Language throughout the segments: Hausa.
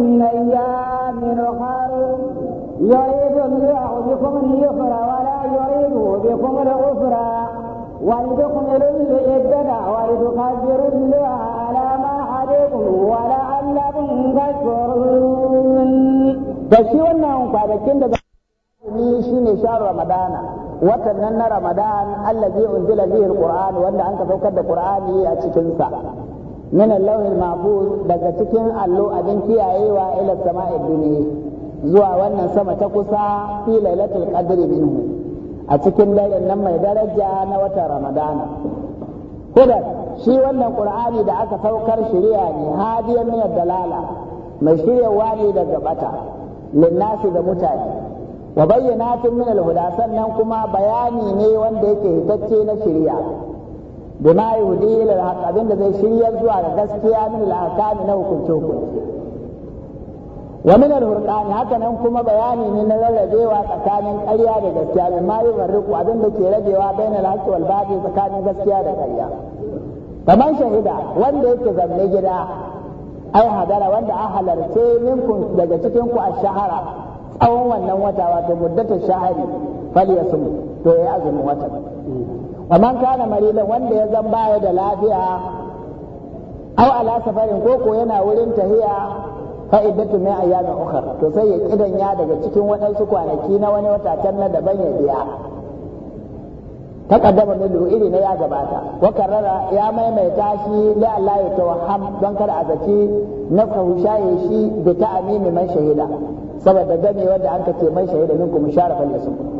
من أيام أخر يريد الله بكم اليسر ولا يريد بكم العسر ولتكملوا العدة ولتكبروا الله على ما عليكم ولعلكم تشكرون فشي wannan kwanakin daga ni shine shahar ramadana watan nan na ramadan allazi unzila bihi alquran wanda an ka saukar da qur'ani a cikin sa min al mabu daga cikin allo abin kiyayewa ila sama'id duniya zuwa wannan sama ta kusa fi lailatul qadri minhu a cikin daren nan mai daraja na watan ramadana kuda shi wannan qur'ani da aka saukar shari'a ne hadiyan min dalala mai shiryawa ne daga bata linnasi da mutane wa bayyanatin min alhuda sannan kuma bayani ne wanda yake hitacce na shari'a bima yudi ila al abin da zai shirya zuwa ga gaskiya min al na hukunce hukunce wa min al haka nan kuma bayani ne na rarrabewa tsakanin ƙarya da gaskiya min ma yufarriqu abin da ke rabewa bain al haqqi wal batil tsakanin gaskiya da ƙarya kamar shahida wanda yake zanne gida ai hadara wanda an halarce minkum daga cikin ku a shahara tsawon wannan wata wato muddatar shahari fal yasum to ya azumi wata kamar kana marilan wanda ya zan baya da lafiya au ala safarin koko yana wurin tahiya fa iddatu min ayyamin ukhra to sai ya kidan ya daga cikin waɗansu kwanaki na wani wata can na daban ya biya taqaddama min iri na ya gabata wa karrara ya maimaita shi la Allah ya don kada a zaci na shaye shi da ta'amimi man shahida saboda game wanda an ce man shahida minkum sharafan yasu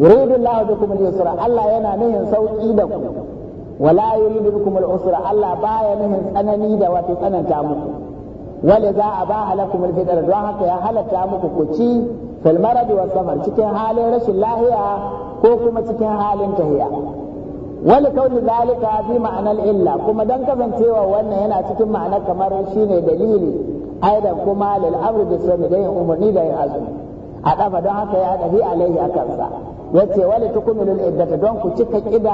yuridu Allah bikum al Allah yana nuhin sauki da ku wala yuridu bikum al-usra Allah baya nuhin tsanani da wato tsananta muku wala za a ba halakum al don haka ya halatta muku ku ci fil marad wa cikin halin rashin lahiya ko kuma cikin halin tahiya wani kauli zalika fi ma'anar illa kuma don kasancewa wannan yana cikin ma'anar kamar shine dalili aidan kuma lil amri bi sunni da umarni da yin azumi a dafa don haka ya dafi alaihi akansa yace wali tukumilul iddata don ku cika kida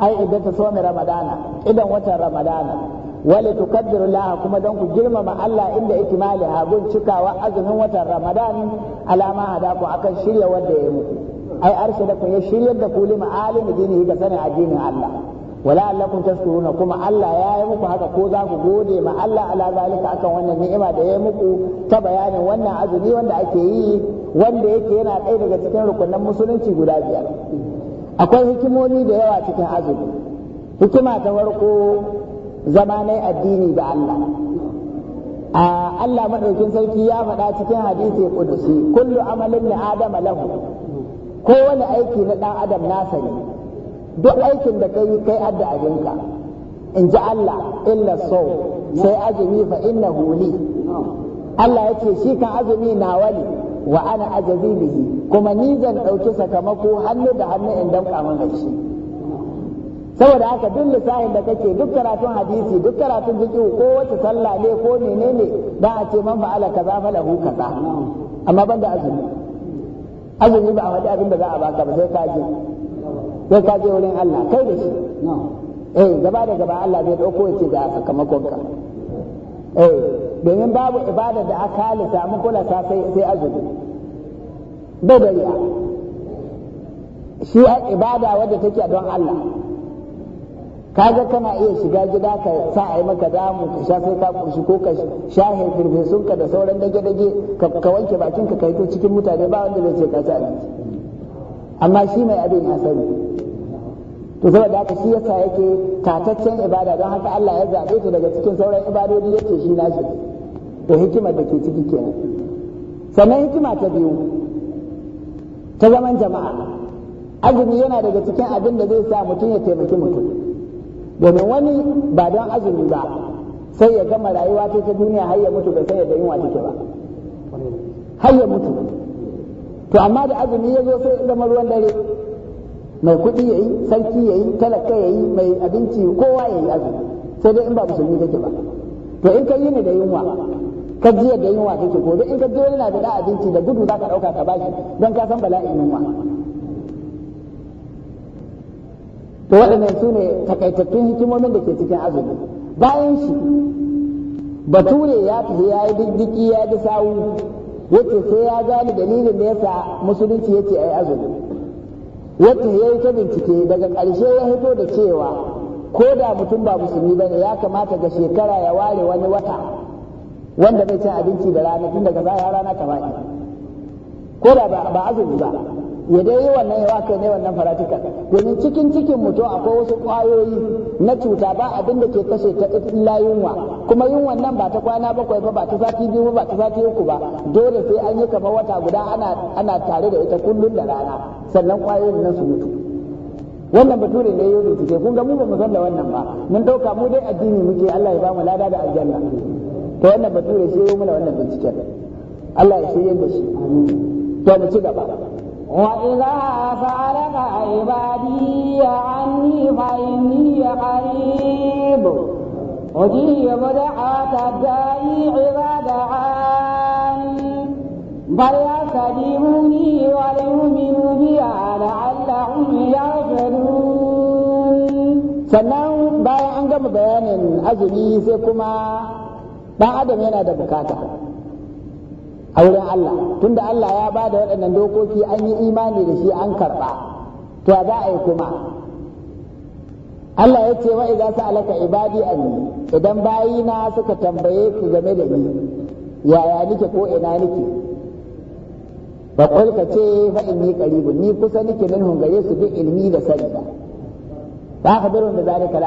ai iddata somi ramadana idan watan ramadana wale tukaddiru laha kuma don ku girmama Allah inda ikimali hagun cikawa azumin watan ramadan alama hada ku akan shirya wanda ya muku ai ku ya shirya da ku lima alimi dini ga sanin addinin Allah wala allakum tashkuruna kuma Allah ya yi muku haka ko za ku gode ma Allah ala zalika akan wannan ni'ima da ya muku ta bayanin wannan azumi wanda ake yi wanda yake yana ɗaya daga cikin rukunan musulunci guda biyar akwai hikimomi da yawa cikin azumi hikima ta farko zama zamanai addini da Allah Allah madaukin sarki ya faɗa cikin hadisi kudusi kullu amalin na adama lahu kowane aiki na dan adam nasa ne duk aikin da kai kai adda abinka in ji Allah illa so sai azumi fa inna huli Allah ya ce shi kan azumi na wali wa ana ajazi bihi kuma ni zan ɗauki sakamako hannu da hannu in damƙa min gashi saboda haka duk lissafin da kake duk karatun hadisi duk karatun jiki ko wata sallah ne ko menene da a ce man fa'ala kaza lahu kaza amma ban azumi azumi ba a faɗi abin da za a baka ba sai ka je sai ka je wurin Allah kai da shi eh gaba da gaba Allah zai dauko ya ce ga sakamakon ka eh domin babu ibada da aka halita mu kula ta sai sai azumi bai da riya shi ibada wadda take don Allah kaga kana iya shiga gida ka sa a yi maka damu ka sha sai ka kushi ko ka shahe firfesunka da sauran dage-dage ka wanke bakinka ka yi to cikin mutane ba wanda zai ce ka sa abinci amma shi mai abin ya sani to saboda haka shi yasa yake tataccen ibada don haka Allah ya zabe ta daga cikin sauran ibadodi yake shi nashi to hikimar da ke ciki kenan sannan hikima ta biyu ta zaman jama'a azumi yana daga cikin abin da zai sa mutum ya taimaki mutum domin wani ba don azumi ba sai ya gama rayuwa ta duniya har ya mutu bai san yadda yunwa take ba har ya mutu to amma da azumi ya zo sai zama ruwan dare mai kuɗi ya yi sarki ya yi talaka ya yi mai abinci kowa ya yi azumi sai dai in ba musulmi kake ba to in ka yi ni da yunwa ka jiya da yunwa kake ko dai in ka je na da abinci da gudu za ka ɗauka ka bashi don ka san bala'in yunwa to waɗannan su ne takaitattun hikimomin da ke cikin azumi bayan shi bature ya fi ya yi diddiki ya bi sawu yace sai ya gane dalilin da yasa musulunci yace ai azumi yace yayi ta bincike daga karshe ya hito da cewa ko da mutum ba musulmi ne ya kamata ga shekara ya ware wani wata wanda bai cin abinci da rana tun daga zaya rana ta faɗi ko da ba azumi ba ya dai yi wannan ya kai ne wannan faratika domin cikin cikin mutum akwai wasu kwayoyi na cuta ba abin da ke kashe ta illa yunwa kuma yunwan nan ba ta kwana bakwai ba ba ta sati biyu ba ta sati uku ba dole sai an yi kamar wata guda ana ana tare da ita kullun da rana sannan ƙwayoyin nan su mutu wannan bature ne ya rubuce kun ga mu ba mu san da wannan ba mun dauka mu dai addini muke Allah ya ba mu lada da aljanna to wannan bature sai ya yi wannan binciken Allah ya shirye da shi to mu ci gaba وإذا سألك عبادي عني فإني قريب أجيب دعوة الداعي إذا دعاني فليستجيبوني وليؤمنوا بي لعلهم يغفرون sannan bayan an gama bayanin azumi sai kuma ɗan adam yana da bukata a wurin Allah tunda Allah ya ba da waɗannan dokoki an yi imani da shi an karɓa to za a yi kuma Allah ya ce wa idan alaka ibadi anni idan bayina suka tambaye ku game da ni yaya nike ko ina nike ba ka ce fa inni qaribun ni kusa nike min hungare su bi ilmi da sani ba ka da zalika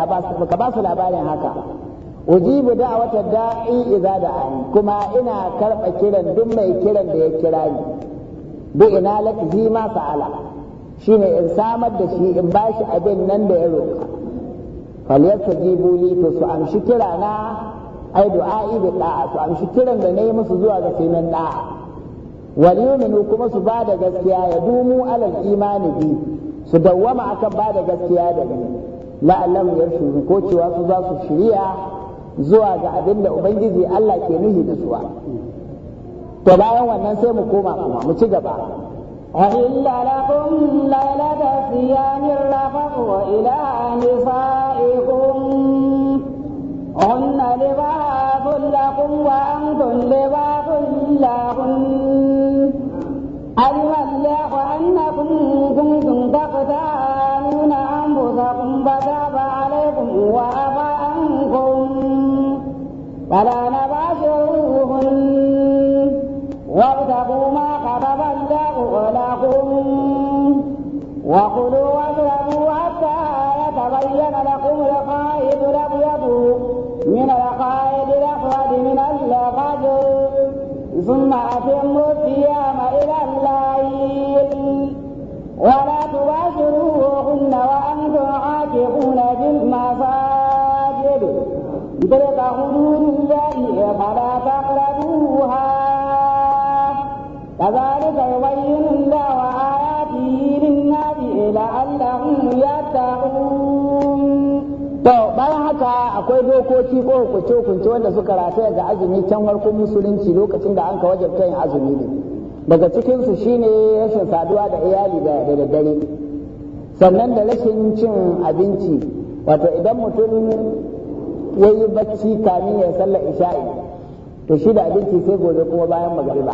ka ba su labarin haka ujibu daɗi da'i da da'ani kuma ina karɓa kiran duk mai kiran da ya kira ni bi ina lati ma fa'ala shine in samar da shi in bashi abin nan da ya roka falyastajibu li to su amshi kira na ai du'a'i bi da'a su amshi kiran da nayi musu zuwa ga sunan da'a wal yu'minu kuma su ba da gaskiya ya dumu alal imani bi su dawwama akan ba da gaskiya da ni la'allam yarshuru ko cewa su za su shiriya zuwa ga abin da ubangiji Allah ke nuhi da suwa to bayan wannan sai mu koma kuma mu ci gaba أحل لكم ليلة الصيام الرفق إلى نسائكم هن لباس لكم وأنتم لباس لهن علم الله أنكم كنتم تقتالون أنفسكم فتاب عليكم وأبى فلا نباشروهن وابتغوا ما كتب الله لكم وكلوا واشربوا حتى يتبين لكم القائد الابيض من القائد الاسود من الفجر ثم اتموا الصيام الى الليل ولا تباشروهن وانتم عاكفون في المصائب تلك حدود الله فلا تقربوها كذلك يبين الله آياته للناس لعلهم يتقون To bayan haka akwai dokoki ko hukunce-hukunce wanda suka rataya ga azumi can farkon musulunci lokacin da an ka wajabta yin azumi ne. Daga cikinsu shine rashin saduwa da iyali da daddare, sannan da rashin cin abinci, wato idan mutum ya yi bacci kamin ya sallar isha'i to shi da abinci sai gobe kuma bayan magariba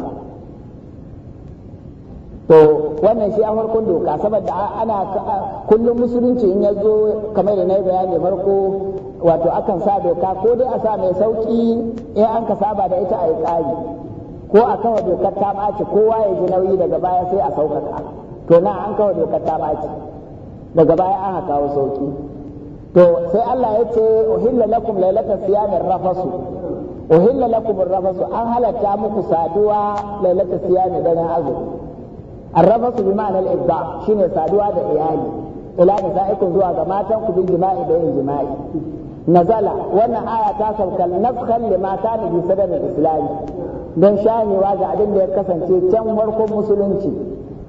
to wannan shi an farkon doka saboda ana kullum musulunci in ya zo kamar da na yi bayani farko wato akan sa doka ko dai a sa mai sauki in an ka saba da ita a yi tsari ko a kawo dokar ta ɓaci kowa ya ji nauyi daga baya sai a sauƙaƙa to na an kawo dokar ta ɓaci daga baya an kawo sauki to sai Allah ya ce uhilla lakum lailatal siyamir rafasu uhilla lakum rafasu an halatta muku saduwa lailatal da daren azumi arrafasu bi ma'ana al-ibda shine saduwa da iyali ila da sa'ikum zuwa ga matan ku bin jima'i da yin jima'i nazala wannan aya ta sauka nafkan lima kana bi sadar islami don shanewa ga abin da ya kasance can farkon musulunci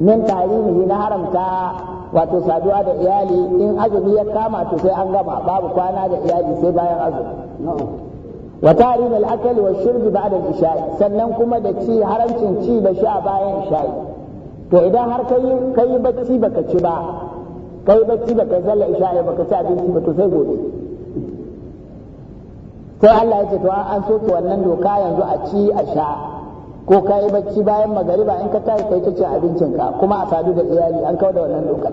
min tarihi na haramta wato saduwa da iyali in azumi ya kama to sai an gama babu kwana da iyali sai bayan azumi wa tahrim al-akl wa shurb ba'da al-isha sannan kuma da ci harancin ci da sha bayan isha to idan har kai kai bacci baka ci ba kai bacci baka zalla isha baka ci abinci ba to sai gobe sai Allah ya ce to an soke wannan doka yanzu a ci a sha ko ka yi bacci bayan magariba in ka tashi kai ta ce abincinka kuma a sadu da iyali an kawo da wannan doka.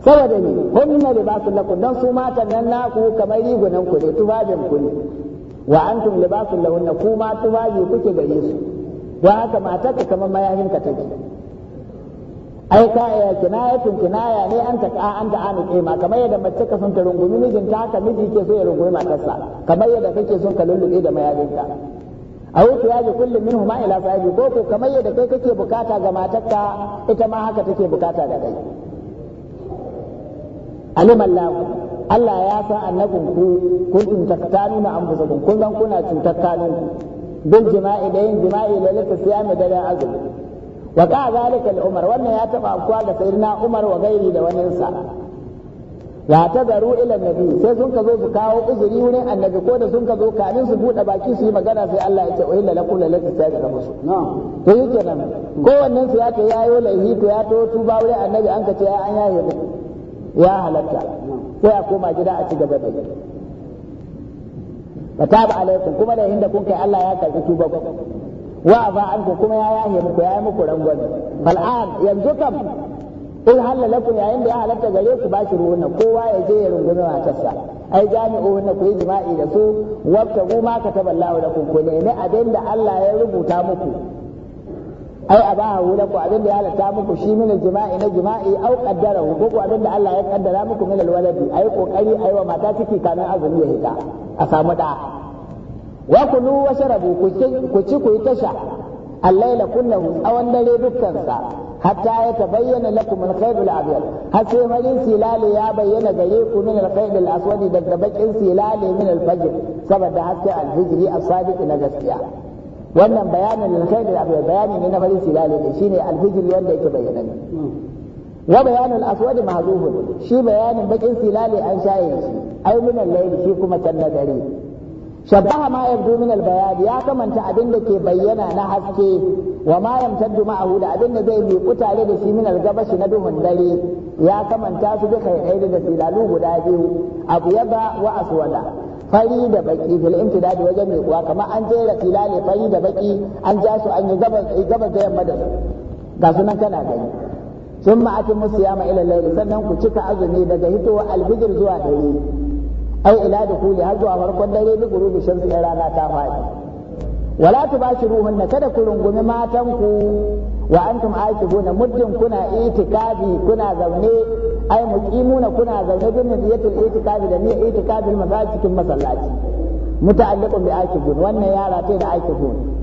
saboda ne hunna libasun lakum dan su mata nan naku kamar rigunan ku ne tufafin ku ne wa antum libasun lahunna ku ma tufafi kuke gare su don haka matarka kamar mayahin ka take ai ka ya kinayatun kinaya ne an ta an an ke ma kamar yadda mace ka sun ta rungumi mijinta haka miji ke so ya rungumi matarsa kamar yadda kake son ka lulluɓe da ka aw tiyaji kullum minhuma ila sahibi ko ko kamar yadda kai kake bukata ga matarka ita ma haka take bukata ga kai alim Allah Allah ya san annakum ku kuntum taktanuna anfusakum kun zan kuna cutar kanin jima'i da yin jima'i da lata siyami da da azumi wa ka zalika al-umar wannan ya taba afkuwa da sayyidina umar wa gairi da waninsa ya ta garu ilan nabi sai sun ka zo su kawo uzuri wurin annabi ko da sun ka zo kamin su buɗe baki su yi magana sai Allah ya ce uhilla lakum la lati sajada musu to yake nan ko wannan su ya ta yayo laihi to ya to tuba wurin annabi an ka ce an yaye mu ya halatta sai a koma gida a ci gaba da fataba alaikum kuma da inda kun kai Allah ya karbi tuba ku wa afa anku kuma ya yaye muku ya yi muku rangwame fal'an yanzu kam in kun yayin da ya halatta gare ku ba shi ruwan kowa ya je ya rungumi matarsa ai jami'o wanda ku yi jima'i da su wabta ma ka taballahu lakum ku nemi abin da Allah ya rubuta muku ai a ba hula ku abin da ya halatta muku shi min jima'i na jima'i au qaddara ko ku abin da Allah ya kaddara muku min alwaladi ai kokari ai wa mata ciki kamin azumi ya hita a samu da wa kulu wa sharabu ku ci ku yi tasha allaila kullahu tsawon dare dukkan sa hatta ya tabayyana lakum al-khayb al-abyad har sai farin silale ya bayyana gare ku min al-khayb al-aswad daga bakin silale min al-fajr saboda haske al-hijri as-sadiq na wannan bayanin al-khayb al-abyad ne na farin silale ne shine al-hijri wanda yake bayyana ne wa bayanul aswad mahzufun shi bayanin bakin silale an shaye shi ai min al-layl shi kuma can na dare shabbaha ma yabdu min ya kamanta abin da ke bayyana na haske wa ma yamtaddu ma'ahu da abin da zai miƙu tare da shi min gabashi na duhun dare ya kamanta su duka ɗaya da filalu guda biyu abu yaba wa aswada fari da baki fil imtidadi wajen kuwa kamar an jera filale fari da baki an ja su an yi gabas da yamma da su ga sunan kana gani sun ma'akin siya ma ila laili sannan ku cika azumi daga hitowa albijir zuwa dare au ila dukuli har zuwa farkon dare bi gurubi shan in rana ta faɗi wala tubashiruhunna kada ku rungumi matan ku wa antum aakifuna muddin kuna itikafi kuna zaune ai muqimuna kuna zaune bin niyatul itikafi da niyyar itikafi masallaci cikin masallaci muta'alliqun bi aakifun wannan yara tai da aakifun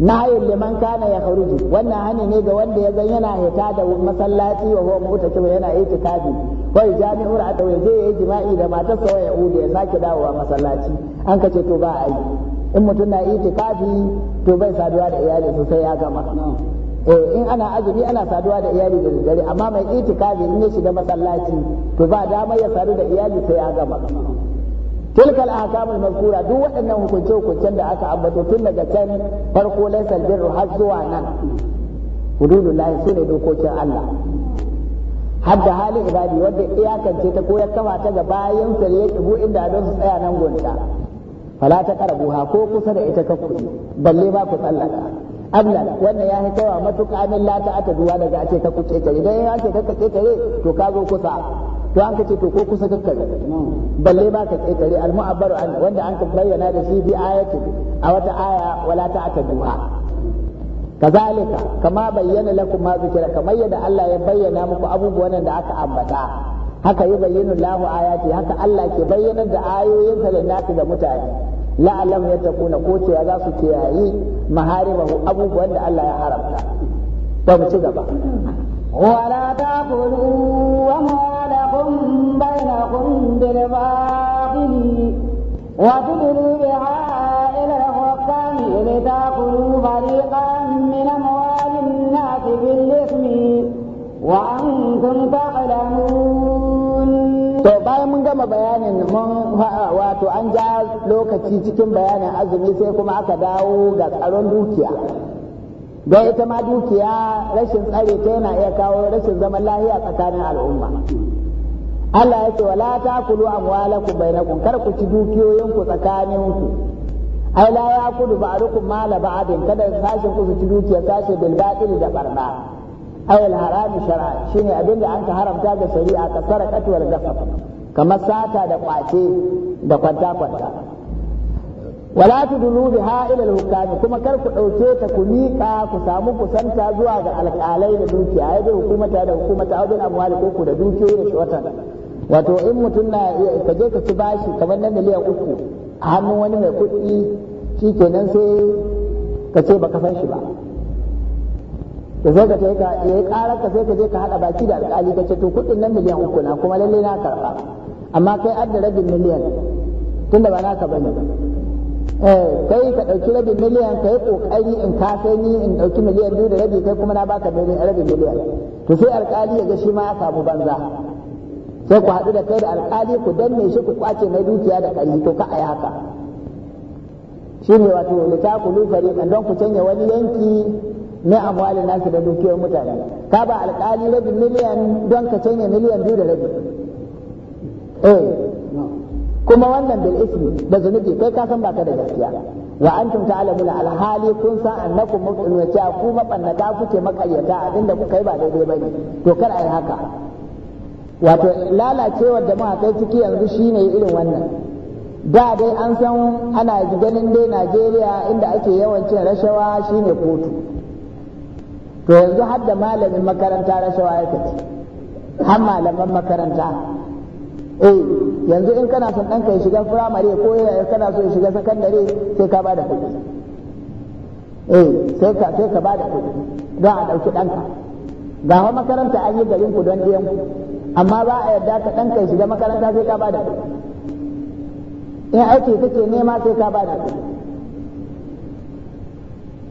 Na da liman kana ya kharuji wannan hani ne ga wanda ya zan yana hita da masallaci wa huwa kuma yana itikafi wa jami'ur atawa je yayi jima'i da sa waya ude ya sake dawowa masallaci an kace to ba a yi in mutum na itikafi to bai saduwa da iyali sosai ya gama eh in ana azumi ana saduwa da iyali da dare amma mai itikafi in ya shiga masallaci to ba dama ya sadu da iyali sai ya gama tilkal ahkamul mazkura duk waɗannan hukunce hukuncen da aka ambato tun daga can farko laysal birru har zuwa nan hududullahi sune dokokin Allah hadda hali ibadi wanda iyakance ta ko kafa ta ga bayan sa ya inda don su tsaya nan gunta fala ta karabuha ko kusa da ita ka kuɗi balle ba ku tsallaka ablan wannan ya hikawa matuƙa min lata ta duwa daga a ce ka kuce idan ya ka kuce tare to ka zo kusa to an ka ce to ko kusa kakkare balle ba ka ƙetare almu'abbaru an wanda an ka bayyana da shi bi ayati a wata aya wala ta ataduha kazalika kama bayyana lakum ma zikira kamar yadda Allah ya bayyana muku abubuwan da aka ambata haka yi bayyinu lahu ayati haka Allah ke bayyanar da ayoyin sa da mutane la'alam ya takuna ko cewa za su kiyayi maharimahu abubuwan da Allah ya haramta ba mu ci gaba wala taqulu wa تأتينكم بالباطل وتدلوا بها إلى الحكام لتأكلوا فريقا من أموال الناس بالإثم وأنتم تعلمون To bayan mun gama bayanin mun wato an ja lokaci cikin bayanin azumi sai kuma aka dawo ga tsaron dukiya. Don ita ma dukiya rashin tsare ta yana iya kawo rashin zaman lahiya tsakanin al'umma. Allah ya ce wala ta takulu amwalakum bainakum kar ku ci dukiyoyinku tsakaninku tsakanin ku ai la kudu ba'dukum mala ba'din kada sashin ku ci dukiya sashi bil batil da barna ai al haram shar'a shine abinda an ka haramta ga shari'a ka sarakatu wal gafaf kamar sata da kwace da kwanta kwanta wala tudulu biha ila al-hukam kuma kar ku dauke ta ku miƙa ku samu kusanta zuwa ga alƙalai da dukiya ai da hukumata da hukumata abin amwali ko ku da dukiyoyi da shawatan wato in mutum na ka je ka ci bashi kamar na miliyan uku a hannun wani mai kuɗi shi kenan sai ka ce ba san shi ba da sai ka ka yayi karar ka sai ka je ka hada baki da alƙali ka ce to kuɗin nan miliyan uku na kuma lalle na karɓa amma kai adda rabin miliyan tunda ba naka bane eh kai ka ɗauki rabin miliyan kai kokari in ka sai ni in ɗauki miliyan biyu da rabi kai kuma na baka rabin miliyan to sai alƙali ya ga shi ma ya samu banza sai ku haɗu da kai da alƙali ku danne shi ku kwace mai dukiya da ƙari to ka a yi haka shi ne wato da ta kulu don ku canja wani yanki na amwali nasu da dukiyar mutane ka ba alƙali rabin miliyan don ka canja miliyan biyu da rabi eh, kuma wannan bil ismi da zunubi kai ka san baka da gaskiya wa antum ta'lamuna alhali kun san annakum mubtiluna ku mabannata kuke makayyata abinda kuka yi ba daidai bane to kar ai haka wato lalacewar da mahaifai ciki yanzu shine irin wannan da dai an san ana ganin dai najeriya inda ake yawan cin rashawa shine kotu to yanzu har da malamin makaranta rashawa ya kaci har malaman makaranta eh yanzu in kana son ɗanka ya shiga firamare ko kana so ya shiga sakandare sai ka bada kuɗi eh sai ka sai ka bada kuɗi don a ɗauki ɗanka ga makaranta an yi garin ku don ɗiyan ku amma ba a yarda ka ɗan kai shiga makaranta sai ka bada kuɗi in aiki kake nema sai ka bada kuɗi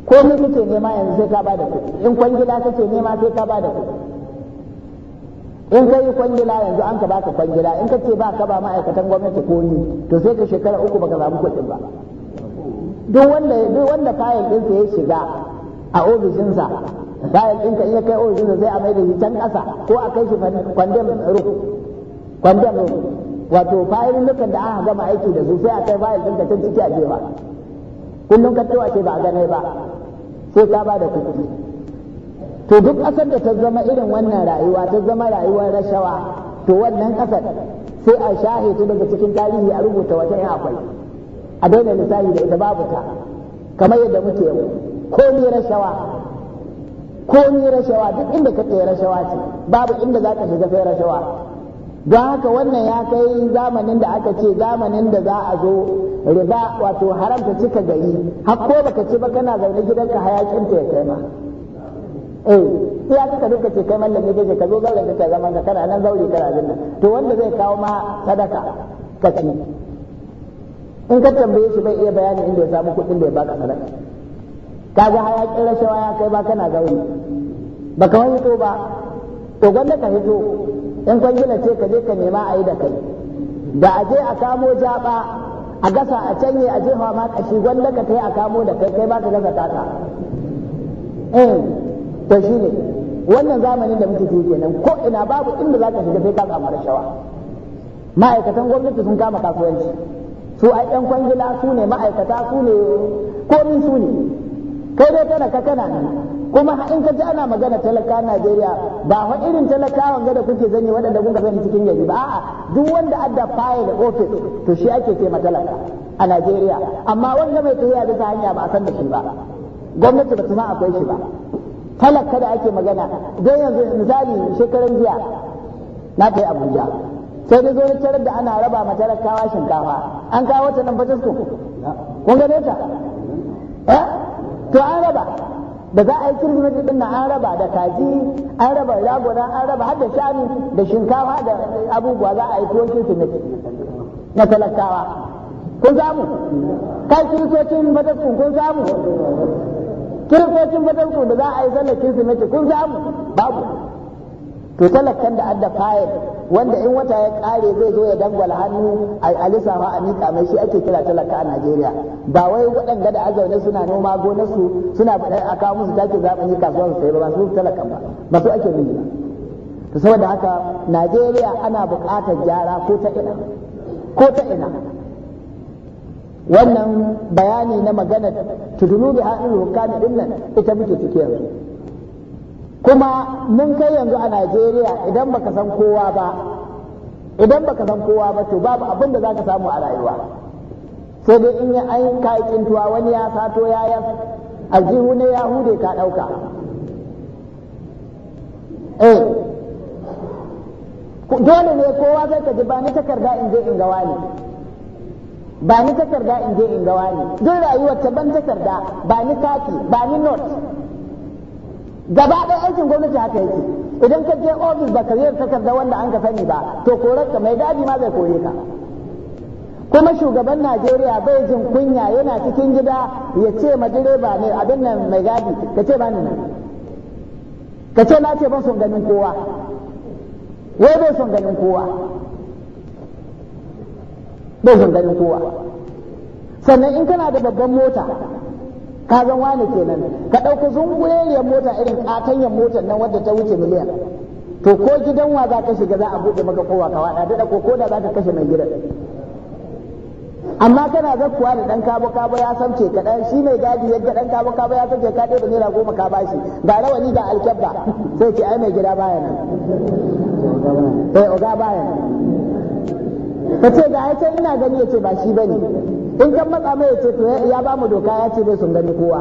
ko ne kake nema yanzu sai ka bada kuɗi in kwangila kake nema sai ka bada kuɗi in kai kwangila yanzu an ka baka kwangila in kace ba ka ba ma'aikatan gwamnati ko ni to sai ka shekara uku baka samu kuɗin ba duk wanda duk wanda ɗinsa ya shiga a ofishinsa bayan in ka iya kai ofisin zai a mai da shi can ƙasa ko a kai shi kwandem kwandem wato fayilin nukan da aka gama aiki da su sai a kai bayan ɗin ka can ciki a jefa kullum ka cewa ce ba a gane ba sai ka ba da kuɗi to duk ƙasar da ta zama irin wannan rayuwa ta zama rayuwar rashawa to wannan ƙasar sai a shahidu daga cikin tarihi a rubuta wata ya akwai a daina misali da ita babu ta kamar yadda muke yau ko ne rashawa ko ni rashawa duk inda ka tsaye rashawa ce babu inda za ka shiga sai rashawa don haka wannan ya kai zamanin da aka ce zamanin da za a zo riba wato haramta cika gari hakko ba baka ci ba kana zaune gidanka hayakin ta ya kai ma eh iya duka ce kai mallami kake ka zo zaure ka zaman ka kana nan zaure kana jin nan to wanda zai kawo ma sadaka ka ci in ka tambaye shi bai iya bayani inda ya samu kuɗin da ya baka sadaka Ka kaga hayakin rashawa ya kai ba kana gauri ba ka hito ba to gwanda ka hito in kwangila ce ka je ka nema a yi da kai da a je a kamo jaba a gasa a canye a jefa ma kashi gwanda ka kai a kamo da kai kai ba ka gasa taka eh to ne wannan zamanin da muke ciki kenan ko ina babu inda za ka shiga sai ka samu rashawa ma'aikatan gwamnati sun kama kasuwanci su a yan kwangila su ne ma'aikata su ne komin su ne kai dai talaka kana nan kuma in ka ji ana magana talaka Najeriya ba wa irin talakawa ga da kuke zanyi waɗanda kuka sani cikin gari ba a'a duk wanda adda faye da ofis to shi ake ce matalaka a Najeriya amma wanda mai tafiya dasa hanya ba a san da shi ba gwamnati ba ma akwai shi ba talaka da ake magana don yanzu misali shekaran jiya na kai Abuja sai dai zo tarar da ana raba matalakawa shinkafa an kawo ta nan Fatasko kun gane ta eh to an raba da za a yi kirsimeti din nan an raba da kaji an raba ragunan an raba har da shanu da shinkawa, da abubuwa za a yi tuwon kirsimeti na talakawa kun samu kai kiristocin fataskun kun samu kiristocin fataskun da za a yi sallar kirsimeti kun samu babu to talakan da adda fayil wanda in wata ya kare zai zo ya dangwal hannu a lissafa a miƙa mai shi ake kira talaka a Najeriya ba wai waɗanda da azaune suna noma gonar su suna bada a kawo musu take zaɓen yi kasuwa su ba su talakan ba ba su ake nuna to saboda haka Najeriya ana buƙatar gyara ko ta ina ko ta ina wannan bayani na magana tudunu da haɗin hukami dinnan ita muke cikin yanzu kuma mun kai yanzu a Najeriya idan baka san kowa ba idan baka san kowa ba to babu abin da zaka samu a rayuwa sai dai in ayin kai kintuwa wani ya sato ya ya aljihu ne ya hude ka ɗauka eh dole ne kowa zai ka ji ba ni takarda in je in ga ba ni takarda in je in ga duk rayuwar ta ban takarda ba ni kati ba ni note gaba ɗaya aikin gwamnati haka yake idan ka je ofis ba ka yi takarda wanda an ka sani ba to korar ka mai gadi ma zai kore ka kuma shugaban najeriya bai jin kunya yana cikin gida ya ce ma direba ne abin nan mai gadi ka ce ba ni nan ka ce na ce ban son ganin kowa wai bai son ganin kowa bai son ganin kowa sannan in kana da babban mota ka zan wani kenan ka ɗauka zungureriyar mota irin katanyar motar nan wadda ta wuce miliyan to ko gidan wa za ka shiga za a buɗe maka kowa ka wada daɗa ko koda za ka kashe mai gidan amma kana zakkuwa da ɗan kabo kabo ya samce ka ɗan shi mai gadi yadda ɗan kabo kabo ya samce ka ɗaya naira goma ka bashi ga rawani ga alkyabba sai ce ai mai gida baya nan eh oga baya ka ce ga ya ina gani ya ce ba shi bane in kan matsa mai ya ce to ya ba mu doka ya ce bai sun gani kowa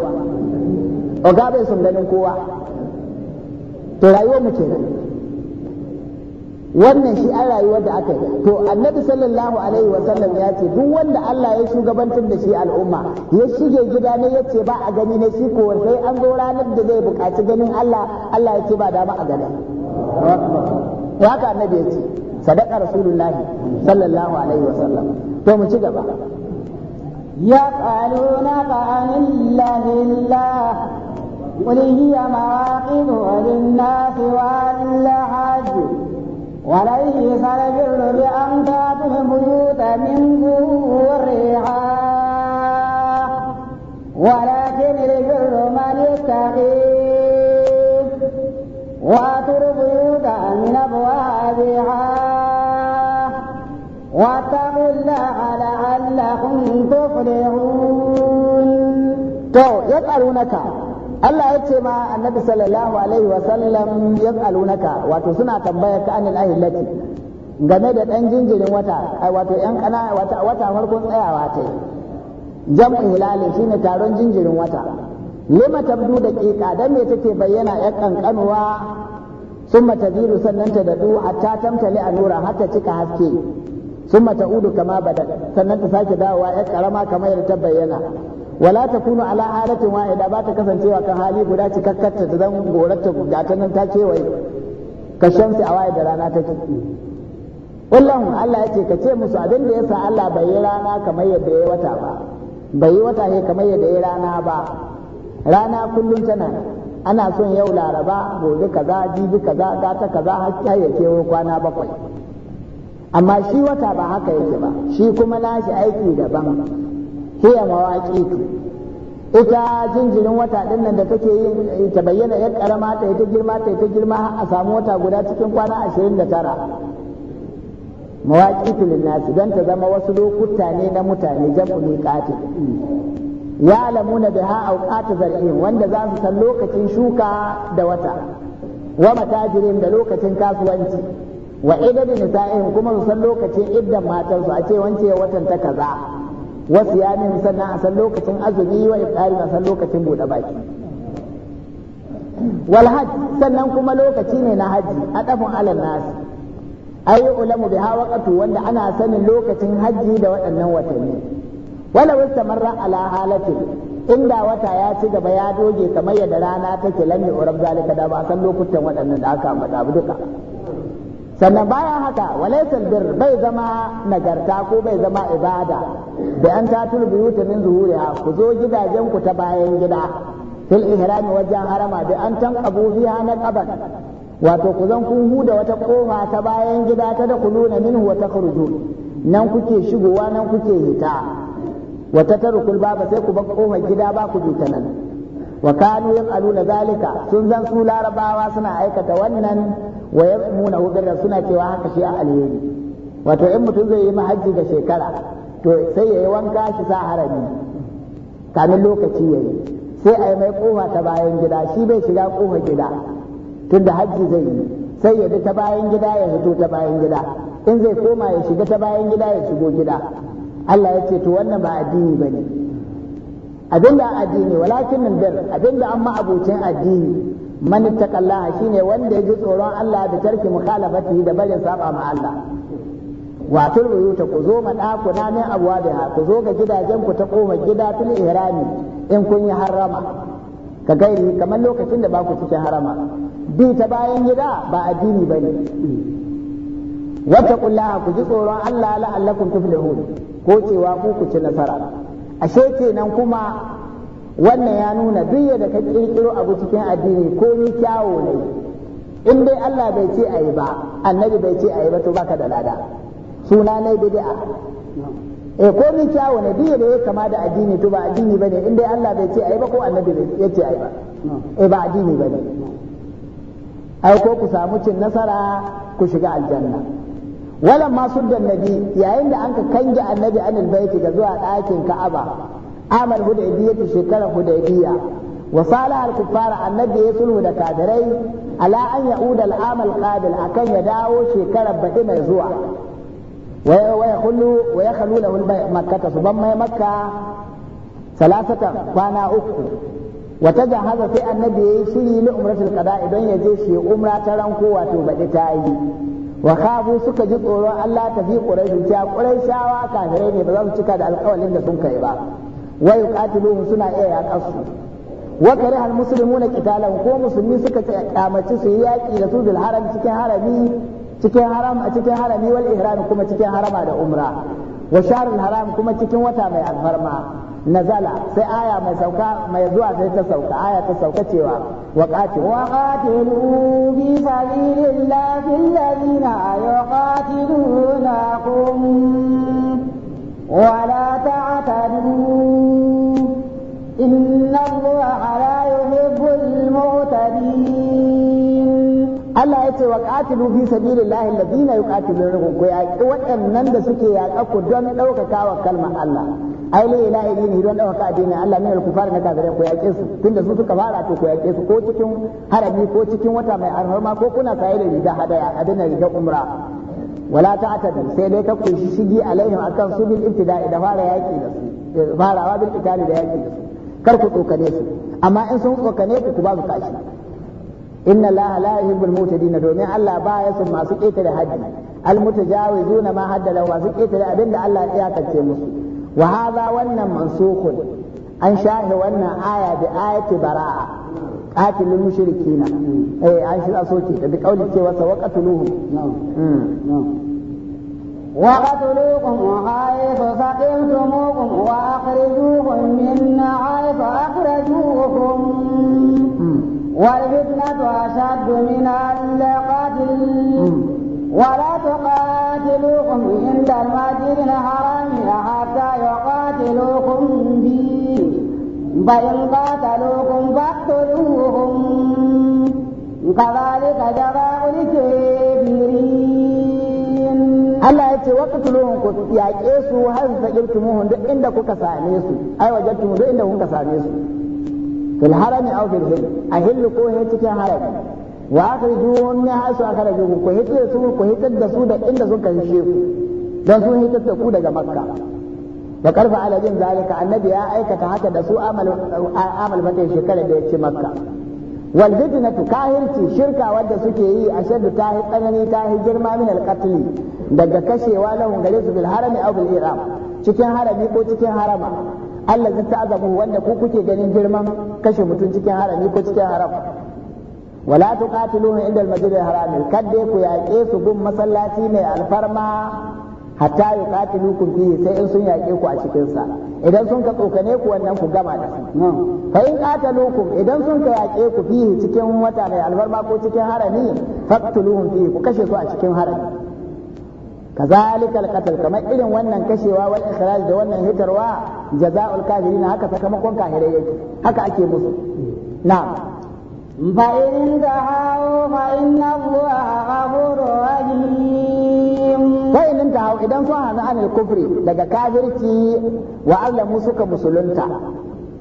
oga bai sun ganin kowa to rayuwar mu ce wannan shi an rayuwar da aka yi to annabi sallallahu alaihi wa sallam ya ce duk wanda Allah ya shugabantar da shi al'umma ya shige gida ne ya ce ba a gani na shi ko sai an zo ranar da zai buƙaci ganin Allah Allah ya ce ba dama a gani haka annabi ya ce sadaqa rasulullahi sallallahu alaihi wa sallam to mu ci gaba يفعلون فعن الله الله قل هي مواقف للناس والحج وليس البر بأن تأتوا البيوت من ظهورها ولكن البر من يتقي واتر بيوت من أبوابها واتقوا الله لعلكم تفلحون تو يسألونك Allah ya ce ma annabi sallallahu alaihi wa sallam yas'alunaka wato suna tambaya ka anil game da dan jinjirin wata wato yan kana wata wata farkon tsayawa ta jam'u hilali shine taron jinjirin wata lima tabdu da kika don me take bayyana ‘yan ƙanƙanuwa sun matabiru sannan ta dadu hatta tamtali a nura ta cika haske ثم udu kama بدأ sannan ta sake dawowa yar karama kamar yadda ta bayyana wala takunu ala halatin wahida ba ta kasancewa kan hali guda cikakkarta ta zan gorarta gata nan ta kewaye ka a waye da rana take wallahu Allah ya ce ka ce musu abin da yasa Allah bai yi rana kamar yadda ya yi wata kamar yadda ya rana ba rana kullum tana ana son yau laraba gobe kaza jibi kaza gata kaza har ya kewo kwana bakwai amma shi wata ba haka yake ba shi kuma nashi aiki daban hiya mawaqitu ita jinjirin wata din nan da take yin eh, ta bayyana yar karama ta ita girma ta ita girma a samu wata guda cikin kwana 29 mawaqitu linnasi dan ta zama wasu lokuta ne na mutane jam'u miqati ya lamuna biha awqat zar'in wanda za su san lokacin shuka da wata wa matajirin da lokacin kasuwanci wa da nisa'in kuma su san lokacin iddan matansu a ce wance watan ta kaza wasu yamin sannan a san lokacin azumi wa iftari a san lokacin buɗe baki wal hajj sannan kuma lokaci ne na hajji a dafin alal nas ayi ulamu biha waqatu wanda ana sanin lokacin hajji da waɗannan watanni wala wastamarra ala halatin inda wata ya ci gaba ya doge kamar yadda rana take lamme urab zalika da ba san lokutan waɗannan da aka faɗa duka sannan bayan haka walaisal bir bai zama nagarta ko bai zama ibada da an tatul buyuta min zuhuriya ku zo gidajen ku ta bayan gida fil ihrami wajen harama da an tan abu na qaban wato ku zan kun huda wata koma ta bayan gida ta da kuluna minhu wa takhruju nan kuke shigowa nan kuke hita wata tarukul baba sai ku bar kofar gida ba ku bi ta nan wa kanu yaf'aluna zalika sun zan su larabawa suna aikata wannan wa yamuna hudar suna cewa haka shi a alheri wato in mutum zai yi mahajji ga shekara to sai yayi wanka shi sa harami kamin lokaci yayi sai a yi mai kofa ta bayan gida shi bai shiga kofa gida tunda hajji zai yi sai ya bi ta bayan gida ya fito ta bayan gida in zai koma ya shiga ta bayan gida ya shigo gida Allah ya ce to wannan ba addini bane abinda addini walakin bir abinda amma abocin addini man taqallaha shine wanda ya ji tsoron Allah da tarki mukhalafati da barin saba ma Allah wato ruyuta ku zo maɗa ku na min abwabiha ku zo ga gidajen ku ta koma gida tun ihrami in kun yi harama ka gairi kamar lokacin da ba ku cikin harama bi ta bayan gida ba addini bane wata kullaha ku ji tsoron Allah la'allakum tuflihun ko cewa ku ku ci nasara ashe kenan kuma wannan ya nuna duk da ka kirkiro abu cikin addini ko ni kyawo ne in dai Allah bai ce ayi ba annabi bai ce ayi ba to baka da lada suna ne bid'a eh ko ni kyawo ne duk da ya kama da addini to ba addini bane in dai Allah bai ce ayi ba ko annabi bai ce ayi ba eh ba addini bane ai ko ku samu cin nasara ku shiga aljanna walan ma sudda yayin da anka kange annabi anil baiti ga zuwa ɗakin ka'aba amal hudaybiyya shekara hudaybiyya wa sala al kuffara annabi ya sulhu da kafirai ala an ya'uda al amal qabil akan ya dawo shekarar baɗi mai zuwa wa ya khullu wa ya khalu lahu mai makka salasata kwana uku wa tajahaza sai annabi yayi shiri li umratul qada idan ya je shi umra ta ranko wato baɗi ta yi wa khafu suka ji tsoron Allah ta fi quraish ta quraishawa kafirai ne ba za su cika da alkawalin da sun kai ba wa yuqatiluhum suna iya yaƙasu wa kariha na qitalan ko musulmi suka kyamaci su yaƙi da su bil haram cikin harami cikin wal ihram kuma cikin harama da umra wa haram kuma cikin wata mai alfarma nazala sai aya mai sauka mai zuwa sai ta sauka aya ta sauka cewa wa qatilu wa qatilu bi sabilillahi alladhina yuqatilunakum wa la ta'tadu inna allaha la yuhibbul mu'tadin Allah ya ce wa qatilu fi sabilillahi alladhina yuqatilunakum ku yaqi waɗannan da suke yaƙa ku don ɗaukaka wa kalma Allah ai la ilaha illa don ɗaukaka addinin Allah min al-kufar na kafirai ku yaƙe su tunda su suka fara to ku yaƙe su ko cikin harami ko cikin wata mai alhurma ko kuna saye da riga hadaya adana riga umra wala ta'tadu sai dai ka kushi shigi alaihim akan su bil ibtida'i da fara yaƙi da su eh, farawa bil ibtida'i da yaƙi da su kar ku tsokane su amma in sun tsokane ku ku ba su kashi inna allaha la yuhibbul mutadina domin Allah ba ya masu ƙetare haddi al mutajawizuna ma haddala masu ƙetare abinda Allah ya iyakance musu wahaza hadha wannan mansukhun an shahi wannan aya bi ayati bara'a qatilul mushrikina eh an وقتلوكم حيث سقمتموكم وأخرجوهم من حيث أخرجوكم والفتنة أشد من القتل ولا تقاتلوكم عند المسجد الحرام حتى يقاتلوكم فيه فإن قاتلوكم فاقتلوهم كذلك جزاء الكافرين Allah ya ce wata tuluhun ku yaƙe su har da ƙirtumuhun duk inda kuka same su ai wajattumu duk inda kuka same su bilharami harami a hillu ko he cikin harami wa akhrijuhum min hasu akhrijuhum ku hitar su ku hitar da su da inda suka hishe ku dan sun hitar daga makka wa karfa ala jin zalika annabi ya aikata haka da su amal amal bata shekara da yace makka wal fitnatu kahirci shirka wadda suke yi a shaddu ta hi tsanani ta hi girma min al daga kashewa lahun gare su bil harami aw bil cikin harami ko cikin harama Allah zai ku wanda ku kuke ganin girman kashe mutum cikin harami ko cikin haram wala tuqatiluhu inda al-masjid al-haram kadde ku yaƙe su gun masallaci mai alfarma hatta yuqatilukum fihi sai in sun yaƙe ku a cikin sa idan sun ka tsokane ku wannan ku gama da su fa in qatalukum idan sun ka yaƙe ku fihi cikin wata mai alfarma ko cikin harami faqtuluhum fihi ku kashe su a cikin harami كذلك القتل كما إلين وانا كشوا والإخراج ده وانا هتروا جزاء الكافرين هكا فكما كون كاهرية هكا أكي مسو نعم فإن دعوا فإن الله غفور رحيم فإن انتهوا إذا صحنا عن الكفر لقى كافرتي وأعلموا سكا مسلمتا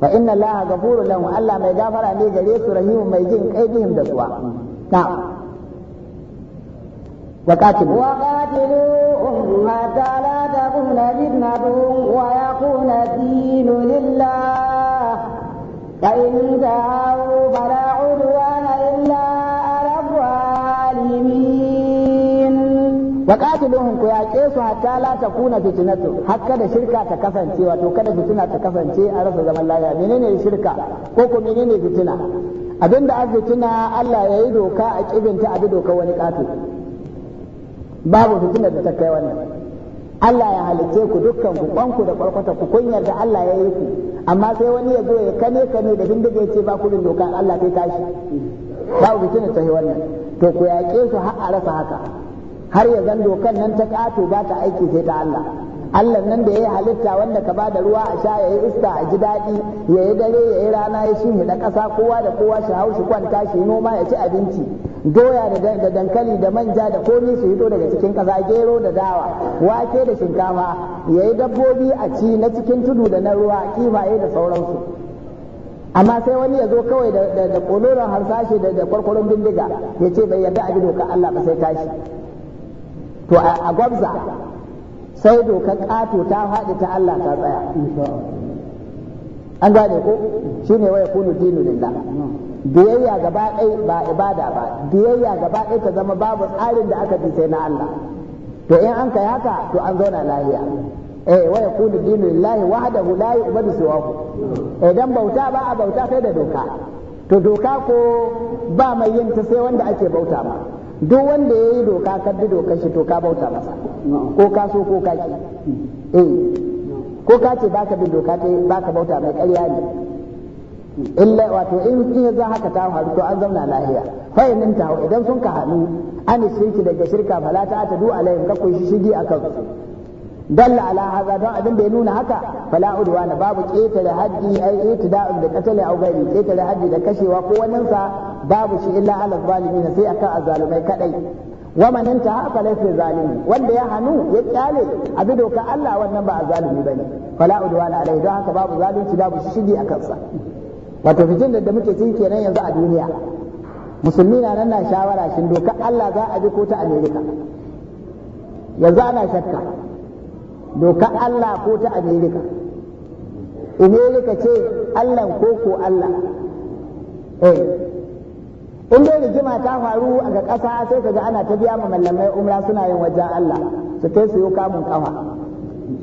فإن الله غفور لهم ألا ما يغفر أن يجريس رحيم ما يجين قيدهم دسوا نعم وقاتلوا وقاتلوهم حتى لا تكون فتنة ويكون الدين لله فإن انتهوا فلا عدوان إلا على الظالمين وقاتلوهم كياكيس حتى لا تكون فتنة حتى كده شركة تكفنتي وتوكد فتنة تكفنتي أرسل زمن الله منين الشركة كوكو منين فتنة abinda arzikin Allah ya yi doka a kibinta a bi doka babu fitina da ta kai wannan Allah ya halice ku dukkan ku kwanku da kwarkwata ku kun yarda Allah ya yi ku amma sai wani ya zo ya kane kane da bindiga ya ce ba ku bin dokan Allah kai tashi babu fitina ta wannan to ku yaƙe su har a rasa haka har ya zan dokan nan ta kato ba ta aiki sai ta Allah Allah nan da ya yi halitta wanda ka ba da ruwa a sha ya yi iska a ji daɗi ya yi dare ya yi rana ya shi da ƙasa kowa da kowa shi hau shi kwanta shi noma ya ci abinci doya da dankali da manja da komi su hito daga cikin ƙasa gero da dawa wake da shinkafa ya yi dabbobi a ci na cikin tudu da na ruwa kifaye da sauransu amma sai wani ya zo kawai da ƙoloron harsashi da kwarkwaron bindiga ya ce bai yarda a bi doka Allah ba sai tashi to a gwabza sai dokar ƙato ta haɗu ta Allah ta tsaya an gane ko ne waya kunu dinu lilla. biyayya gaba ɗaya ba ibada ba biyayya gaba ɗaya ta zama babu tsarin da aka bisai na Allah to in an kai haka to an zauna lahiya eh waya kunu dinu lillahi wahdahu la yu'badu siwahu idan bauta ba a bauta sai da doka to doka ko ba mai yin ta sai wanda ake bauta ba. duk wanda ya yi doka ka bi dokar shi to ka bauta masa ko ka so ko ka ki eh ko ka ce baka bin doka ta baka bauta mai ƙarya ne illa wato in kin za haka ta faru to an zauna lahiya fa in ta idan sun ka hanu an shirki daga shirka fala ta ta du alaihim ka kun shigi akan su dalla ala haza don abin da ya nuna haka fala udwana babu ketare haddi ai itida'un da qatali au gairi ketare haddi da kashewa ko wannan sa babu shi illa ala na sai akan azalumai kadai wa man intaha falaysa wanda ya hannu ya kyale a bi doka Allah wannan ba azalimi bane fala udwana alai don haka babu zalunci babu shige a kansa wato fitin da muke cin kenan yanzu a duniya musulmi na nan na shawara shin dokar Allah za a bi ko ta Amerika yanzu ana shakka doka Allah ko ta Amerika Amerika ce Allah ko ko Allah eh in dai rigima ta faru a ga ƙasa sai ka ga ana ta biya ma mallamai umra suna yin wajen Allah su kai su yi kamun kafa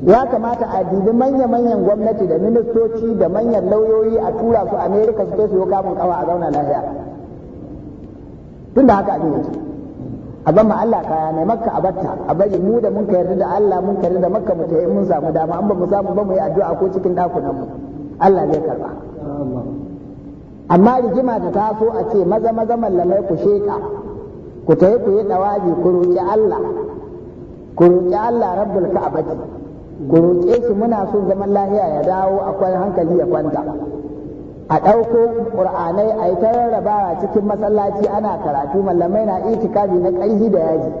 ya kamata a dibi manya-manyan gwamnati da ministoci da manyan lauyoyi a tura su Amerika su kai su yi kamun kafa a zauna lahiya tun da haka a a ban Allah kaya ne makka a batta a bari mu da mun yarda da Allah mun yarda da makka mu tayi mun samu dama an ba mu samu ba mu yi addu'a ko cikin dakunan mu Allah zai karba amma rigima ta taso a ce maza maza mallamai ku sheka ku tayi ku yi dawaji ku roki Allah ku roki Allah rabbul ka'abati ku roke shi muna son zaman lahiya ya dawo akwai hankali ya kwanta a ɗauko ƙur'anai a yi ta rarrabawa cikin masallaci ana karatu mallamai na itikafi na ƙarfi da yaji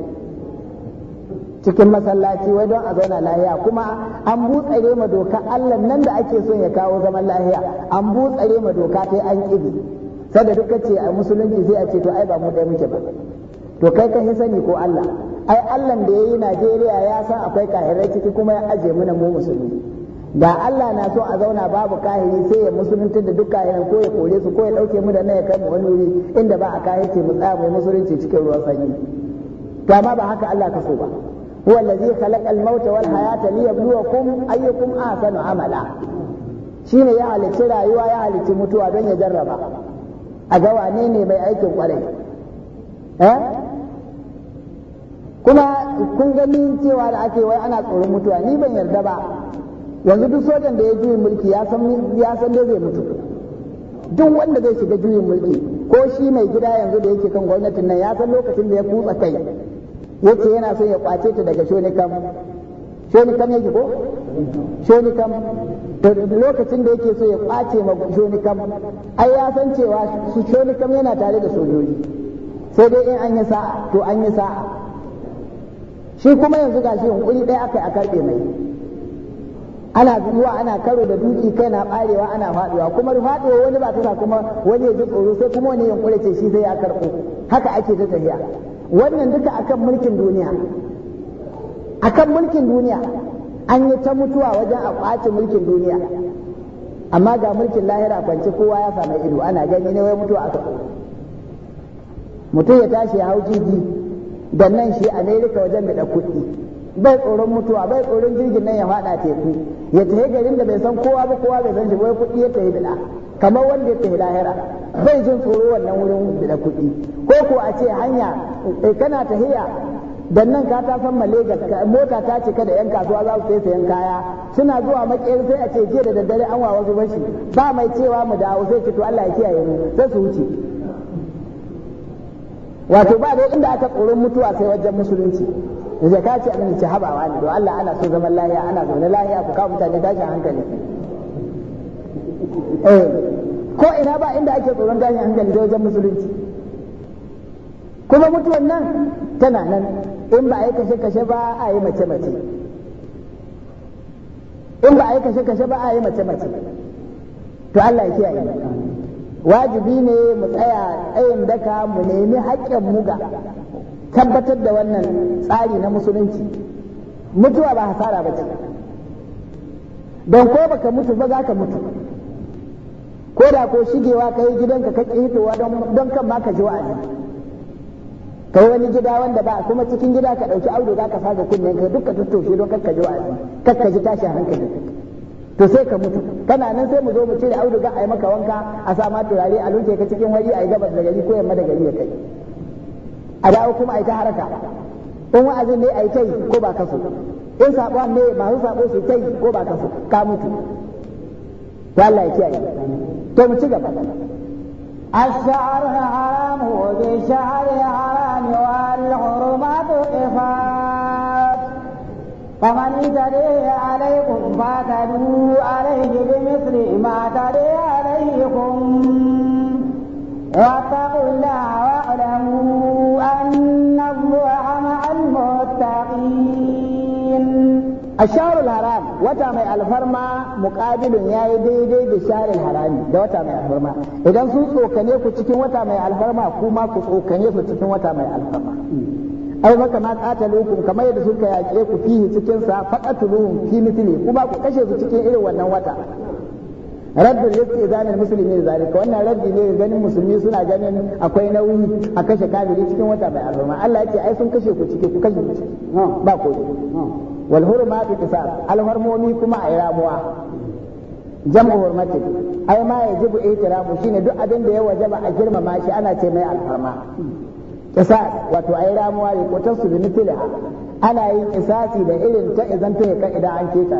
cikin masallaci wai don a zauna lahiya kuma an butsare ma doka allah nan da ake son ya kawo zaman lahiya an butsare ma doka sai an ƙibi sai duka ce a musulunci sai a ce to ai ba mu ɗaya muke ba to kai ka sani ko allah ai allah da ya yi najeriya ya san akwai kahirai ciki kuma ya aje mana mu musulmi da Allah na so a zauna babu kahiri sai ya musulunci da duka yana ko ya kore su ko ya dauke mu da na ya kai mu wani wuri inda ba a kahirce mu tsaya mai musulunci cikin ruwan sanyi to amma ba haka Allah ka so ba huwa allazi khalaqa al-maut wal hayata liyabluwakum ayyukum ahsanu amala shine ya halicci rayuwa ya halicci mutuwa don ya jarraba a ga wane ne mai aikin kwarai eh kuma kun ganin cewa da ake wai ana tsoron mutuwa ni ban yarda ba yanzu duk sojan da ya juyi mulki ya san ya san dai zai mutu duk wanda zai shiga juyin mulki ko shi mai gida yanzu da yake kan gwamnatin nan ya san lokacin da ya kutsa kai yace yana son ya kwace ta daga shonikam shonikam yake ko shonikam to lokacin da yake so ya kwace ma shonikam ai ya san cewa su shonikam yana tare da sojoji sai dai in an yi sa'a to an yi sa'a shi kuma yanzu gashi hukuri ɗaya aka yi a karbe mai ana zuwa ana karo da duki kai na barewa ana faduwa kuma faduwa wani ba ta sa kuma wani ya ji tsoro sai kuma wani yankure ce shi zai ya karɓo haka ake ta tafiya wannan duka akan mulkin duniya akan mulkin duniya an yi ta mutuwa wajen a kwace mulkin duniya amma ga mulkin lahira kwance kowa ya samu ido ana gani ne wai mutuwa aka mutum ya tashi ya hau jiji da nan shi amerika wajen da kuɗi bai tsoron mutuwa bai tsoron jirgin nan ya fada teku ya tafi garin da bai san kowa ba kowa bai san shi bai kuɗi ya tafi bila kamar wanda ya tafi lahira bai jin tsoro wannan wurin bila kuɗi ko ko a ce hanya eh, kana tahiya dan nan ka ta san malega mota ta cika da yan kasuwa za su kai sayan kaya suna zuwa makiyar sai a ce jiya da daddare an wa wasu bashi ba mai cewa mu dawo sai ce to Allah ya kiyaye mu sai su wuce wato ba dai inda aka tsoron mutuwa sai wajen musulunci da ka ce abin da habawa ne don Allah ana so zaman lahiya ana zaune lahiya ku kawo mutane tashin hankali eh ko ina ba inda ake tsoron tashin hankali da wajen musulunci kuma mutuwan nan tana nan in ba a yi kashe-kashe ba a yi mace-mace in ba a yi kashe-kashe ba a yi mace-mace to Allah ya kiyaye wajibi ne mu tsaya tsayin daka mu nemi haƙƙin muga tabbatar da wannan tsari na musulunci mutuwa ba hasara ba ce don ko baka mutu ba za ka mutu ko da ko shigewa ka yi gidanka ka hitowa don kan ma ka ji wa'azi ka wani gida wanda ba kuma cikin gida ka ɗauki audu za ka saga kunnen ka duka tattaushe don kakka ji wa'azi kakka ji tashin hankali to sai ka mutu kana nan sai mu zo mu cire audu a yi maka wanka a sama turare a lunke ka cikin wari a yi gabas da gari ko yamma da gari ya kai a dawo kuma a yi ta haraka in wa'azin ne a yi tai ko ba kaso in sabo ne masu sabo su tai ko ba kaso ka mutu ya Allah ya kiyaye to mu ci gaba الشعر حرام وبالشعر حرام والحرمات قفاط فمن تري عليكم فاتدوا عليه بمثل ما تري عليكم واتقوا الله واعلموا A sharul haram wata mai alfarma ya yayi daidai da share harami da wata mai alfarma idan sun tsokane ku cikin wata mai alfarma kuma ku tsokane ku cikin wata mai alfarma ai maka ma qatalukum kamar yadda suka yaƙe ku fihi cikin sa faqatuluhum fi mithli kuma ku kashe su cikin irin wannan wata zanen musulmi ne zalika wannan raddi ne ganin musulmi suna ganin akwai nauyi a kashe kafiri cikin wata mai alhurma Allah ya ce ai sun kashe ku ciki ku kashe ku ba ko wal hurmatu qisas al kuma a ramuwa jam'u hurmati ai ma yajibu ihtiramu shine duk abin da ya wajaba a girmama shi ana ce mai alfarma qisas wato ai ramuwa ne ko su da ana yin qisasi da irin ta idan ta idan an keta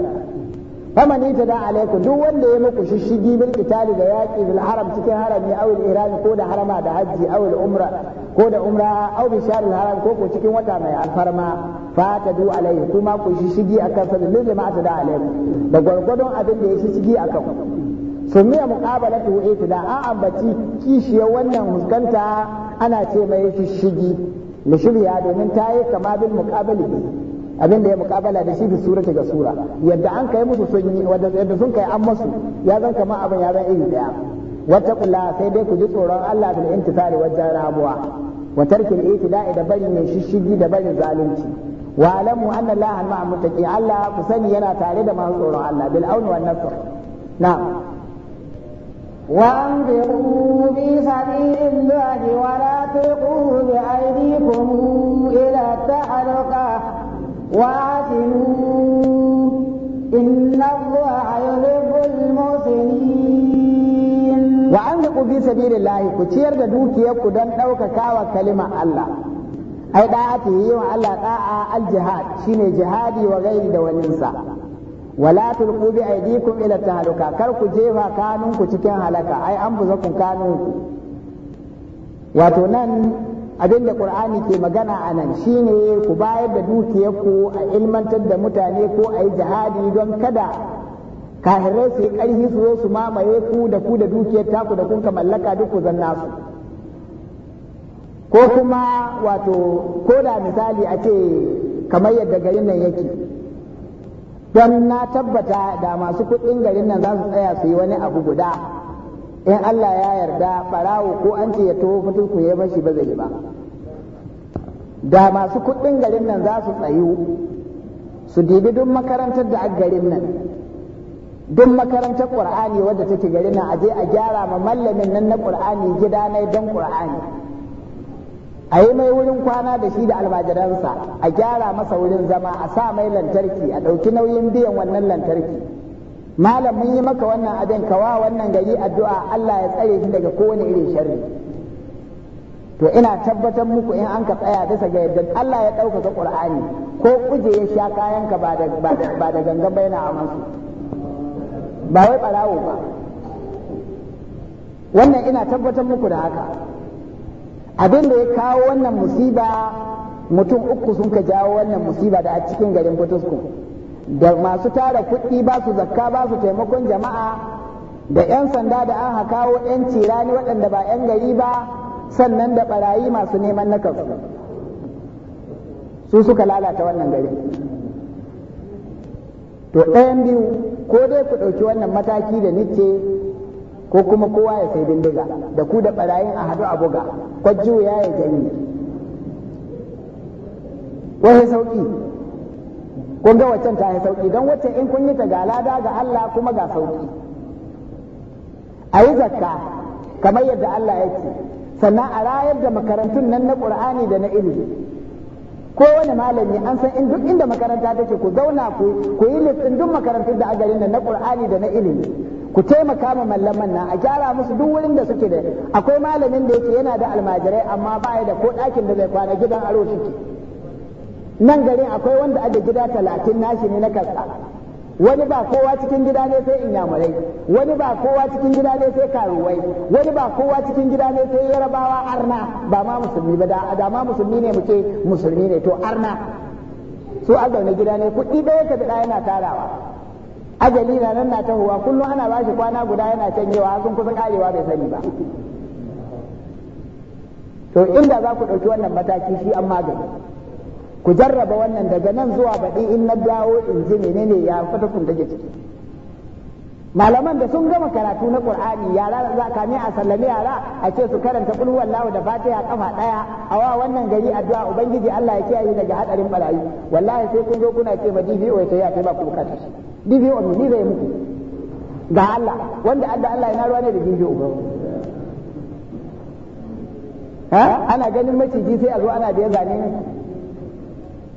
faman ta da alaikum duk wanda ya muku shishigi bil qitali da yaqi bil haram cikin harami aw al ko da harama da hajji aw al umra ko haram ko ko cikin wata mai alfarma fa ta du alaihi kuma ku shishigi akan sa lil jama'a da alaikum da gwargwadon abin da ya shishigi akan sumiya muqabalatu itida a ambaci kishiyar wannan huskanta ana ce mai shishigi lishiriya domin ta yi kama bil muqabali abin da ya mukabala da shi fi sura ga sura yadda an kai musu sun yi yadda sun kai an musu ya zan kama abin ya zan iri daya wata kula sai dai ku ji tsoron Allah bil intisari wajen rabuwa wa tarkil itida'i da bari mai shishigi da barin zalunci wa alamu anna Allah ma'a muttaqi Allah ku sani yana tare da masu tsoron Allah bil auni wan nasr na'am وانفروا في سبيل الله ولا تلقوا بأيديكم إلى التعلقة Wa'anzu in na ku ciyar da dukiyarku don ɗauka kawar kalimar Allah. Ai ɗaya ta yi wa Allah ɗa'a al-jahad shi jihadi wa rair da walinsa. Wala turgu biyar I.D kun ilar ta halu, karku je ba cikin halaka ai an busar kanunku. Wato nan. abin da qur'ani ke magana a nan shine ku bayar da dukiyarku a ilmantar da mutane ko a yi jihadi don kada kahirai su yi ƙarfi su zo su mamaye ku da ku da dukiyar taku da kun ka mallaka duk ku zanna su ko kuma wato ko da misali a ce kamar yadda garin nan yake don na tabbata da masu kuɗin garin nan za su tsaya su yi wani abu guda in Allah ya yarda barawo ko an ce ya taho fitin ku ya mashi ba zai yi ba da masu kuɗin garin nan za su tsayu su dibi duk makarantar da garin nan duk makarantar ƙur'ani wadda take garin nan a je a gyara ma mallamin nan na ƙur'ani gida na don ƙur'ani a yi mai wurin kwana da shi da almajiransa a gyara masa wurin zama a sa mai lantarki a ɗauki nauyin biyan wannan lantarki malam mun yi maka wannan abin kawa wannan gari addu'a Allah ya tsare shi daga kowane irin sharri to ina tabbatar muku in an ka tsaya bisa ga yadda Allah ya ɗaukaka Qur'ani ko kuje ya sha kayanka ba da ba da gangan ba yana amansu ba wai barawo ba wannan ina tabbatar muku da haka abin da ya kawo wannan musiba mutum uku sun ka jawo wannan musiba da a cikin garin butusku da masu tara kuɗi ba su zakka ba su taimakon jama'a da 'yan sanda da an hakawo 'yan cirani waɗanda ba 'yan gari ba sannan da barayi masu neman na kansu su suka lalata wannan gari to ɗayan biyu ko dai ku ɗauki wannan mataki da nice ko kuma kowa ya sai bindiga da ku da barayin a hadu a buga kwajiyo ya ya gani wai sauƙi kun ga waccan ta yi sauki don waccan in kun yi ta ga lada ga Allah kuma ga sauki a yi zakka kamar yadda Allah ya ce sannan a rayar da makarantun nan na ƙur'ani da na ilimi kowane malami an san in duk inda makaranta take ku zauna ku ku yi listin duk makarantun da a garin nan na ƙur'ani da na ilimi ku taimaka ma mallaman nan a gyara musu duk wurin da suke da akwai malamin da yake yana da almajirai amma ba da ko ɗakin da zai kwana gidan aro shi ke. nan garin akwai wanda ajiye gida talatin nashi ne na kasa wani ba kowa cikin gida ne sai inyamurai wani ba kowa cikin gida ne sai karuwai wani ba kowa cikin gida ne sai yarabawa arna ba ma musulmi ba da ma musulmi ne muke musulmi ne to arna su a zaune gida ne kuɗi ɗaya ka biɗa yana tarawa ajali na nan na tahowa kullum ana ba shi kwana guda yana canjewa sun kusa karewa bai sani ba to inda za ku ɗauki wannan mataki shi an magani ku jarraba wannan daga nan zuwa baɗi in na dawo in ji menene ya sun daga ciki malaman da sun gama karatu na qur'ani yara za ka ne a sallame yara a ce su karanta kul wallahu da fatiha kafa daya a wa wannan gari addu'a ubangiji Allah ya kiyaye daga hadarin barayi wallahi sai kun zo kuna ce ma DVO ta ya kai ba ku bukata shi DVO ni zai muku ga Allah wanda adda Allah yana ruwa ne da DVO ha ana ganin maciji sai a zo ana da ya zane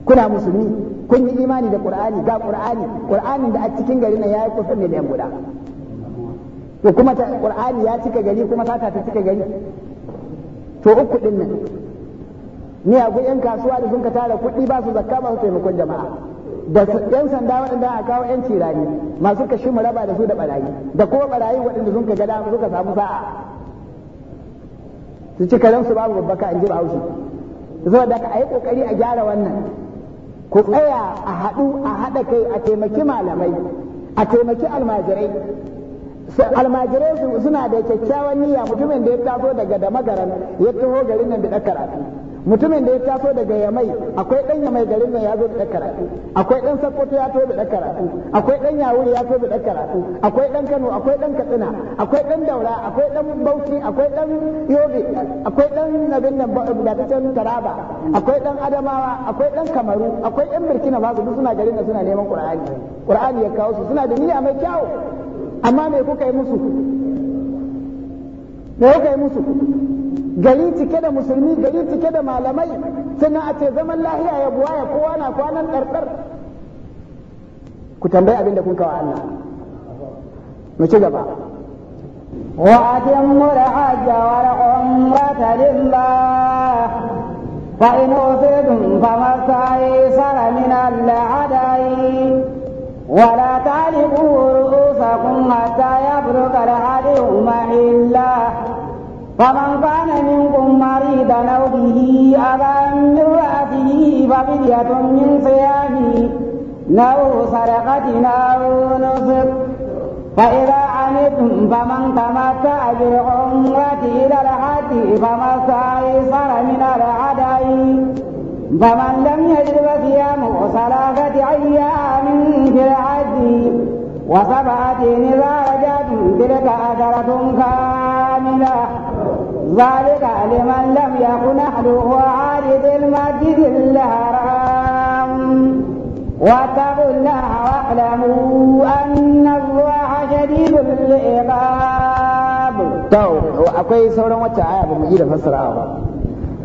kuna musulmi kun yi imani da qur'ani ga qur'ani qur'anin da a cikin gari nan yayi kusan ne da yan guda to kuma ta qur'ani ya cika gari kuma ta ta cika gari to uku din nan ni a yan kasuwa da sun ka tara kuɗi ba su zakka ba su taimakon jama'a da yan sanda waɗanda a kawo yan cirani masu kashi mu raba da su da barayi da kuma barayi waɗanda sun ka gada suka samu sa'a su ci karen su babu babbaka in ji ba haushi saboda ka ayi kokari a gyara wannan ku tsaya a haɗu a haɗa kai a taimaki malamai a taimaki almajirai almajirai suna da kyakkyawan niyya mutumin da ya taso daga da magaran ya taho garin nan da karatu mutumin da ya taso daga yamai akwai dan yamai garin mai ya zo da karatu akwai dan sakkwato ya zo da karatu akwai dan yawuri ya zo da karatu akwai dan kano akwai dan katsina akwai dan daura akwai dan bauchi akwai dan yobe akwai dan nabin nan can taraba akwai dan adamawa akwai dan kamaru akwai yan burkina faso duk suna garin da suna neman qur'ani qur'ani ya kawo su suna da niyya mai kyau amma me kuka yi musu me kuka yi musu gari cike da musulmi gari cike da malamai sai a ce zaman lahiya ya buwa ya kowa na kwanan ɗarɗar ku tambayi abin da kun kawo Allah mu ci gaba wa atim mura hajja wa umrata lillah fa in usidum fa masai sara min al adai wa la talibu ru'usakum hatta yabruka al adi umma illah فمن كان منكم مريضا أو به أذى من رأسه ففدية من صيام أو سرقة أو نصب فإذا عنتم فمن تمتع بالعمرة إلى الحج فما استيسر من العدي فمن لم يجد فصيام ثلاثة أيام في الحج وسبعة إذا رجعتم تلك أجرة كاملة ذلك لمن لم يكن أهله عارض المسجد الحرام واتقوا الله واعلموا أن الله شديد العقاب تو akwai sauran wacce aya ba mu ji da fassarawa ba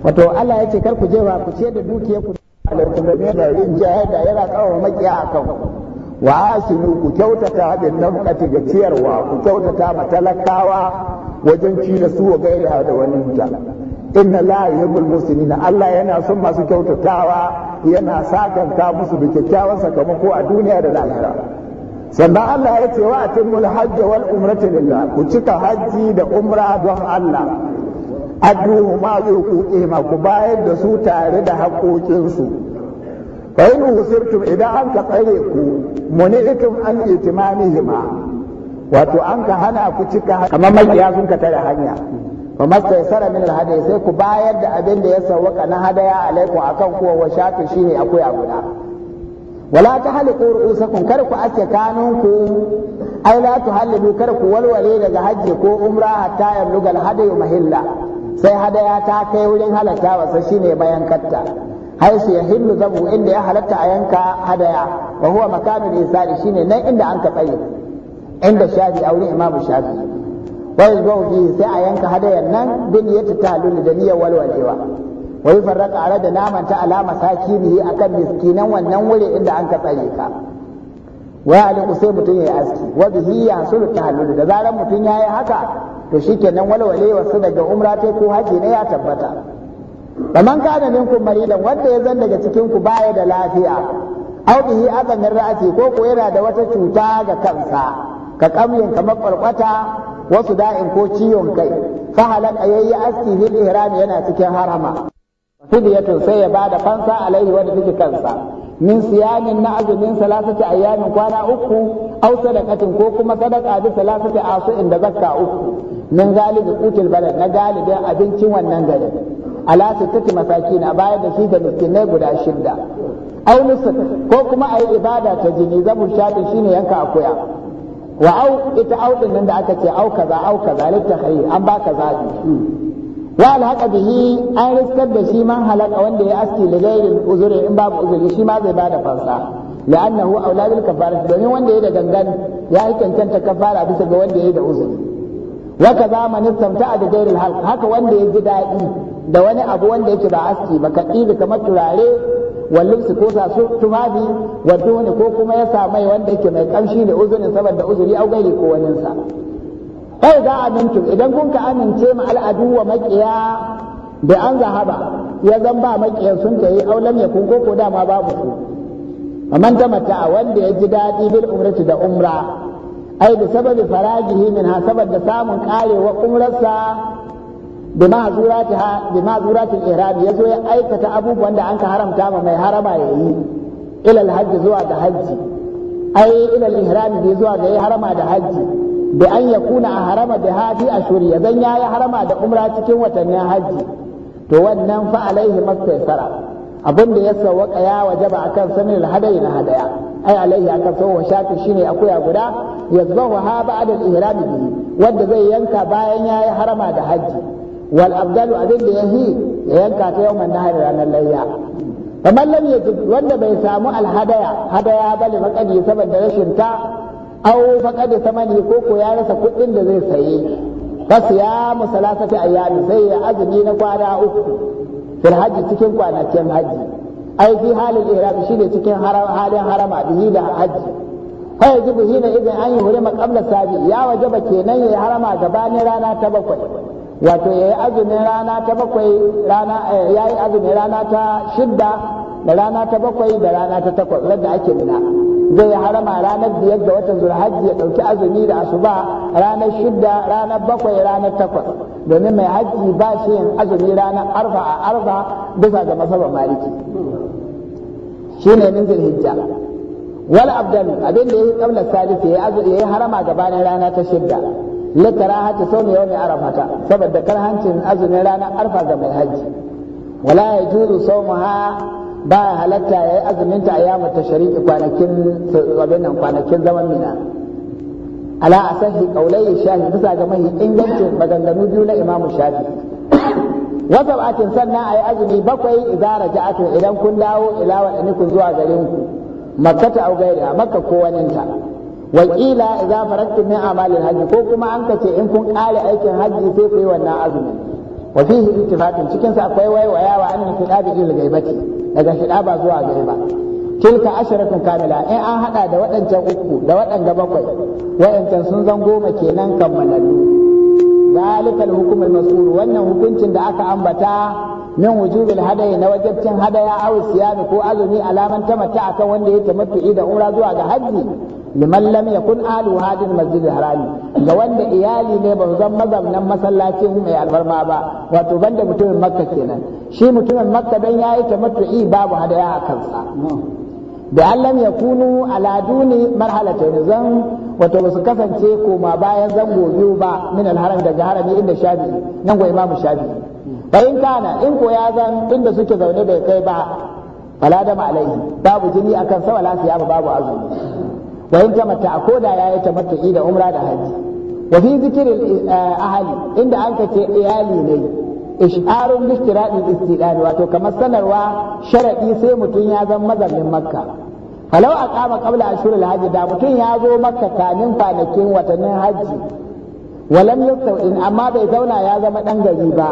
wato Allah ya ce kar ku je ba ku ce da dukiyar ku alaikum da rinjaya da yana kawo makiya akan wa asinu ku kyautata bin nafqati ga ciyarwa ku kyautata matalakawa wajen ci da su gaira da wani ta inna la yuhibbul muslimina Allah yana son masu kyautatawa yana kanka musu da kyakkyawan sakamako a duniya da lahira sannan Allah ya ce wa atimul hajji wal umrata lillah ku cika hajji da umra don Allah adduhu ma zuquqihima ku bayar da su tare da haƙoƙinsu fa in usirtum idan an ka tsare ku muni'itum an itimamihima wato an ka hana ku cika kamar makiya sun ka tare hanya fa mastaysara min alhadi sai ku bayar da abin da ya sawaka na hadaya alaikum akan kuwa wa shafi shine akwai a guda wala ta haliku ru'usakum kar ku aske kanunku ai la tu halibu kar ku walwale daga hajji ko umra hatta yabluga alhadi mahilla sai hadaya ta kai wurin halarta wasa shine bayan katta haisu ya hillu zabu inda ya halatta a yanka hadaya wa huwa makamin isari shine nan inda an ka tsaye inda shafi a imamu shafi wa yuzbahu fihi sai a yanka hadayan nan bin ya tatalul da niyyar walwalewa wa farraka ala da naman ta alama saki sakini akan miskinan wannan wuri inda an ka tsaye ka wa aliku sai mutum yayi aski wa bihi ya ta tahallul da zaran mutum yayi haka to shikenan walwalewa su daga umra ko haji ne ya tabbata faman kana ninku maridan wanda ya zan daga cikin ku baya da lafiya aw bihi adan ra'ati ko ko yana da wata cuta ga kansa ka kamlin kamar kwalkwata wasu da'in ko ciwon kai fa halaka yayi aski bil ihram yana cikin harama fidiyatun sai ya bada fansa alaihi wanda take kansa min siyamin na azumin salasati ayyamin kwana uku da sadaqatin ko kuma sadaqa bi salasati asu inda zakka uku min galibi kutil balad na galibin abincin wannan garin ala sittati masakina a baya da shi da miskinai guda shida au ko kuma a yi ibada ta jini zabun shafin shine yanka akuya wa au ita au din nan da aka ce au kaza au kaza littakhayr an baka zabi wa alhaqa bihi an riskar da shi man halaka wanda ya aski da gairin uzuri in babu uzuri shi ma zai bada fansa la'annahu aula bil kafara domin wanda ya da gangan ya yi cancanta kafara bisa ga wanda ya da uzuri wa kaza man istamta'a da ghairil halq haka wanda ya ji daɗi da wani abu wanda yake ba aski ba ka da kamar turare wallin su ko su tumabi wato ne ko kuma ya sa mai wanda yake mai kamshi ne uzuri saboda uzuri au gairi ko wani sa kai za a amintu idan kun ka amince ma al'adu wa maƙiya da an zahaba ya zan ba maƙiyan sun ta yi aulam ya kun ko dama babu su amma ta mata wanda ya ji daɗi bil umrati da umra ai da sababi faraji min ha saboda samun karewa umrarsa bi ma'zuratil ihram yazo ya aikata abubuwan da anka haramta ma mai harama ya yi ilal hajji zuwa da hajji ai ilal ihram bi zuwa ga yi harama da hajji bi an yakuna a harama da hadi a shuriya zan yayi harama da umra cikin watannin hajji to wannan fa alaihi maktaisara Abun da ya sawaka ya wajaba akan sanin na hadaya ai alaihi akan so wa shafi shine akuya guda yazbahu ha ba'da al ihram bi wanda zai yanka bayan yayi harama da hajji wal abdalu abin da yahi ya yanka ta yau nahar ranar layya kamar lam yajid wanda bai samu alhadaya hadaya bale makadi saboda rashin ta au faqad samani ko ko ya rasa kuɗin da zai saye fa siyamu salasati ayyami sai ya azumi na kwana uku fil cikin kwanakin haji ai fi halin ihram shine cikin halin harama bihi da haji fa yajibu hina idan an yi hurima qabla sabi ya wajaba kenan ya harama gabanin rana ta bakwai wato yayi azumin rana ta bakwai rana eh, yayi azumin rana ta shidda da rana ta bakwai da rana ta takwas wadda ake nuna zai harama ranar biyar da watan zulhajji ya ɗauki azumi da asuba ranar shidda ranar bakwai ranar takwas domin mai hajji ba shi yin azumi ranar arfa a arfa bisa ga masaba maliki ne min zulhijja wal abdal abin da yake Salisu ya yayi harama gabanin rana ta shidda la karahati sawmi yawmi arafata saboda kar hancin azumin ranar arfa ga mai haji wala yajuzu ha ba halatta yayi azumin ta ayyamu shari'i kwanakin abin nan kwanakin zaman mina ala asahi kaulayi shafi bisa ga mahi ingancin maganganu biyu na imamu shafi wata bakin sannan ayi azumi bakwai ta raja'atu idan kun dawo ila wa kun zuwa garin ku ta au gaira makka ko waninta wakila kila idza min amalil haji ko kuma an kace in kun kare aikin haji sai ku yi wannan azumi wa fihi ittifaqin cikin sa akwai waiwayawa an kitabi jil gaibati daga ba zuwa ghaiba tilka asharatun kamila in an hada da waɗancan uku da waɗanga bakwai waɗancan sun zan goma kenan kammalallu zalika al-hukm al-mas'ul wannan hukuncin da aka ambata min wujubil hadayi na wajibcin hadaya aw siyami ko azumi alaman tamatta akan wanda ya tamattu da umra zuwa ga hajji liman lam yakun ahlu hadin masjid harami ga wanda iyali ne ba zan mazamnan masallacin mai albarma ba wato banda mutumin makka kenan shi mutumin makka dan yayi tamattu'i babu hadaya a kansa da allam kunu ala duni marhalatayn zan wato ba su kasance koma bayan zango biyu ba min alharam daga harami inda shafi nan go imamu shafi fa in kana in ko ya zan inda suke zaune bai kai ba fala da alaihi babu jini akan sa wala siya babu azumi wa in tamatta ko da yayi tamatta'i da umra da haji wa fi zikirin eh, ahali inda an kace iyali ne isharun lishtiradin istidani wato kamar sanarwa sharadi sai mutum ya zama mazaunin makka falau aqama qabla shirin hajji da mutum ya zo makka kamin kwanakin watannin hajji walam yastawin amma bai zauna ya zama dan gari ba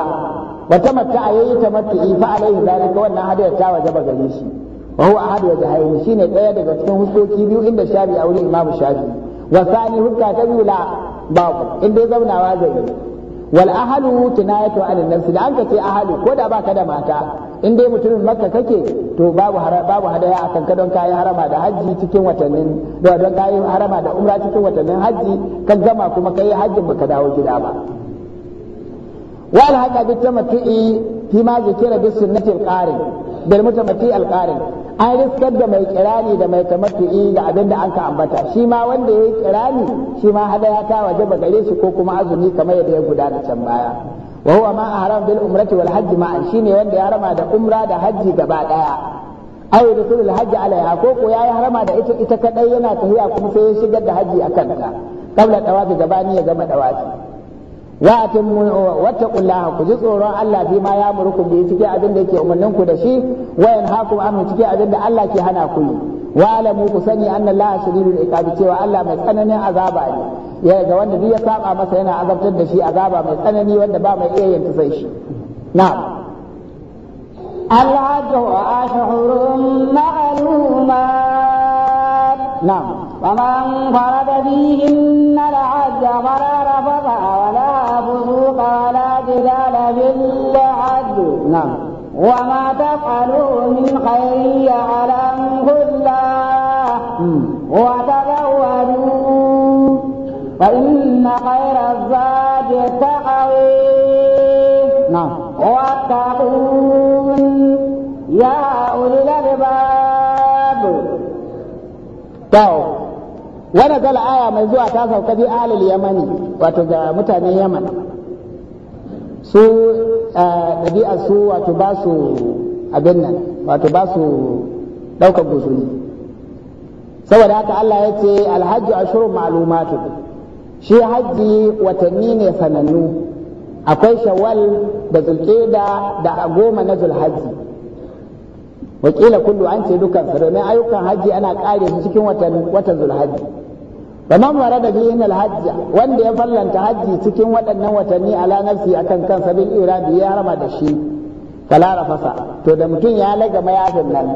wata matta a ta tamattu'i fa alaihi zalika wannan hadiyar ta ba gari shi وهو أحد وجهين shine ɗaya daga cikin huskoki biyu inda shafi a wurin imamu shafi wa sani hukka ta biyu la babu inda ya zaunawa zai wal ahalu kinayatu an nafsi da anka ce ahalu ko da baka da mata indai mutumin makka kake to babu babu hadaya akan don kayi harama da hajji cikin watannin don kayi harama da umra cikin watannin hajji kan gama kuma kayi hajjin baka dawo gida ba والحق بالتمتع فيما ذكر بالسنة القارن بالمتمتع القارن an riskar da mai kirani da mai tamattu'i da abin da an ka ambata shi ma wanda ya yi kirani shi ma ya ta wajaba gare shi ko kuma azumi kamar yadda ya gudana can baya wa huwa ma haram bil umrati wal hajji shi ne wanda ya rama da umra da hajji gaba daya aw yadkhulu al hajji alaiha ko ko yi harama da ita ita kadai yana tahiya kuma sai ya shigar da hajji akan ta qabla tawafi ni ya gama tawafi wa atimmu wattaqullaha ku ji tsoron Allah bi ma ya murku bi cikin abin da yake umarnin ku da shi wa yanhaakum anhu cikin abin da Allah ke hana ku yi wa alamu ku sani anna Allah shadidul iqabi cewa Allah mai tsananin azaba ne ya ga wanda duk ya saba masa yana azabtar da shi azaba mai tsanani wanda ba mai iya yanta sai shi na'am أشهر معلومات نعم فمن فرد فيهن العد فلا رفض ولا فسوق ولا جدال بالعد نعم وما تفعلوا من خير يعلمه الله وتزودوا فإن خير الزاد التقوي نعم واتقون يا أولي الألباب wani zala aya mai zuwa ta sauka bi alil yamani wato ga mutanen yaman su eh, ɗabi'a su wato ba su abin nan wato ba su ɗaukar gusuri saboda haka Allah ya ce alhaji ashirin ma'alumatu shi hajji watanni ne sanannu akwai shawal da zulƙeda da goma na zulhaji wakila kullu an ce dukansa domin ayyukan hajji ana ƙare su cikin watan zulhaji man warada bihin alhajja wanda ya fallanta hajji cikin waɗannan watanni ala nafsi akan kansa bil iradi ya harama da shi fala rafasa to da mutum ya laga mayafin nan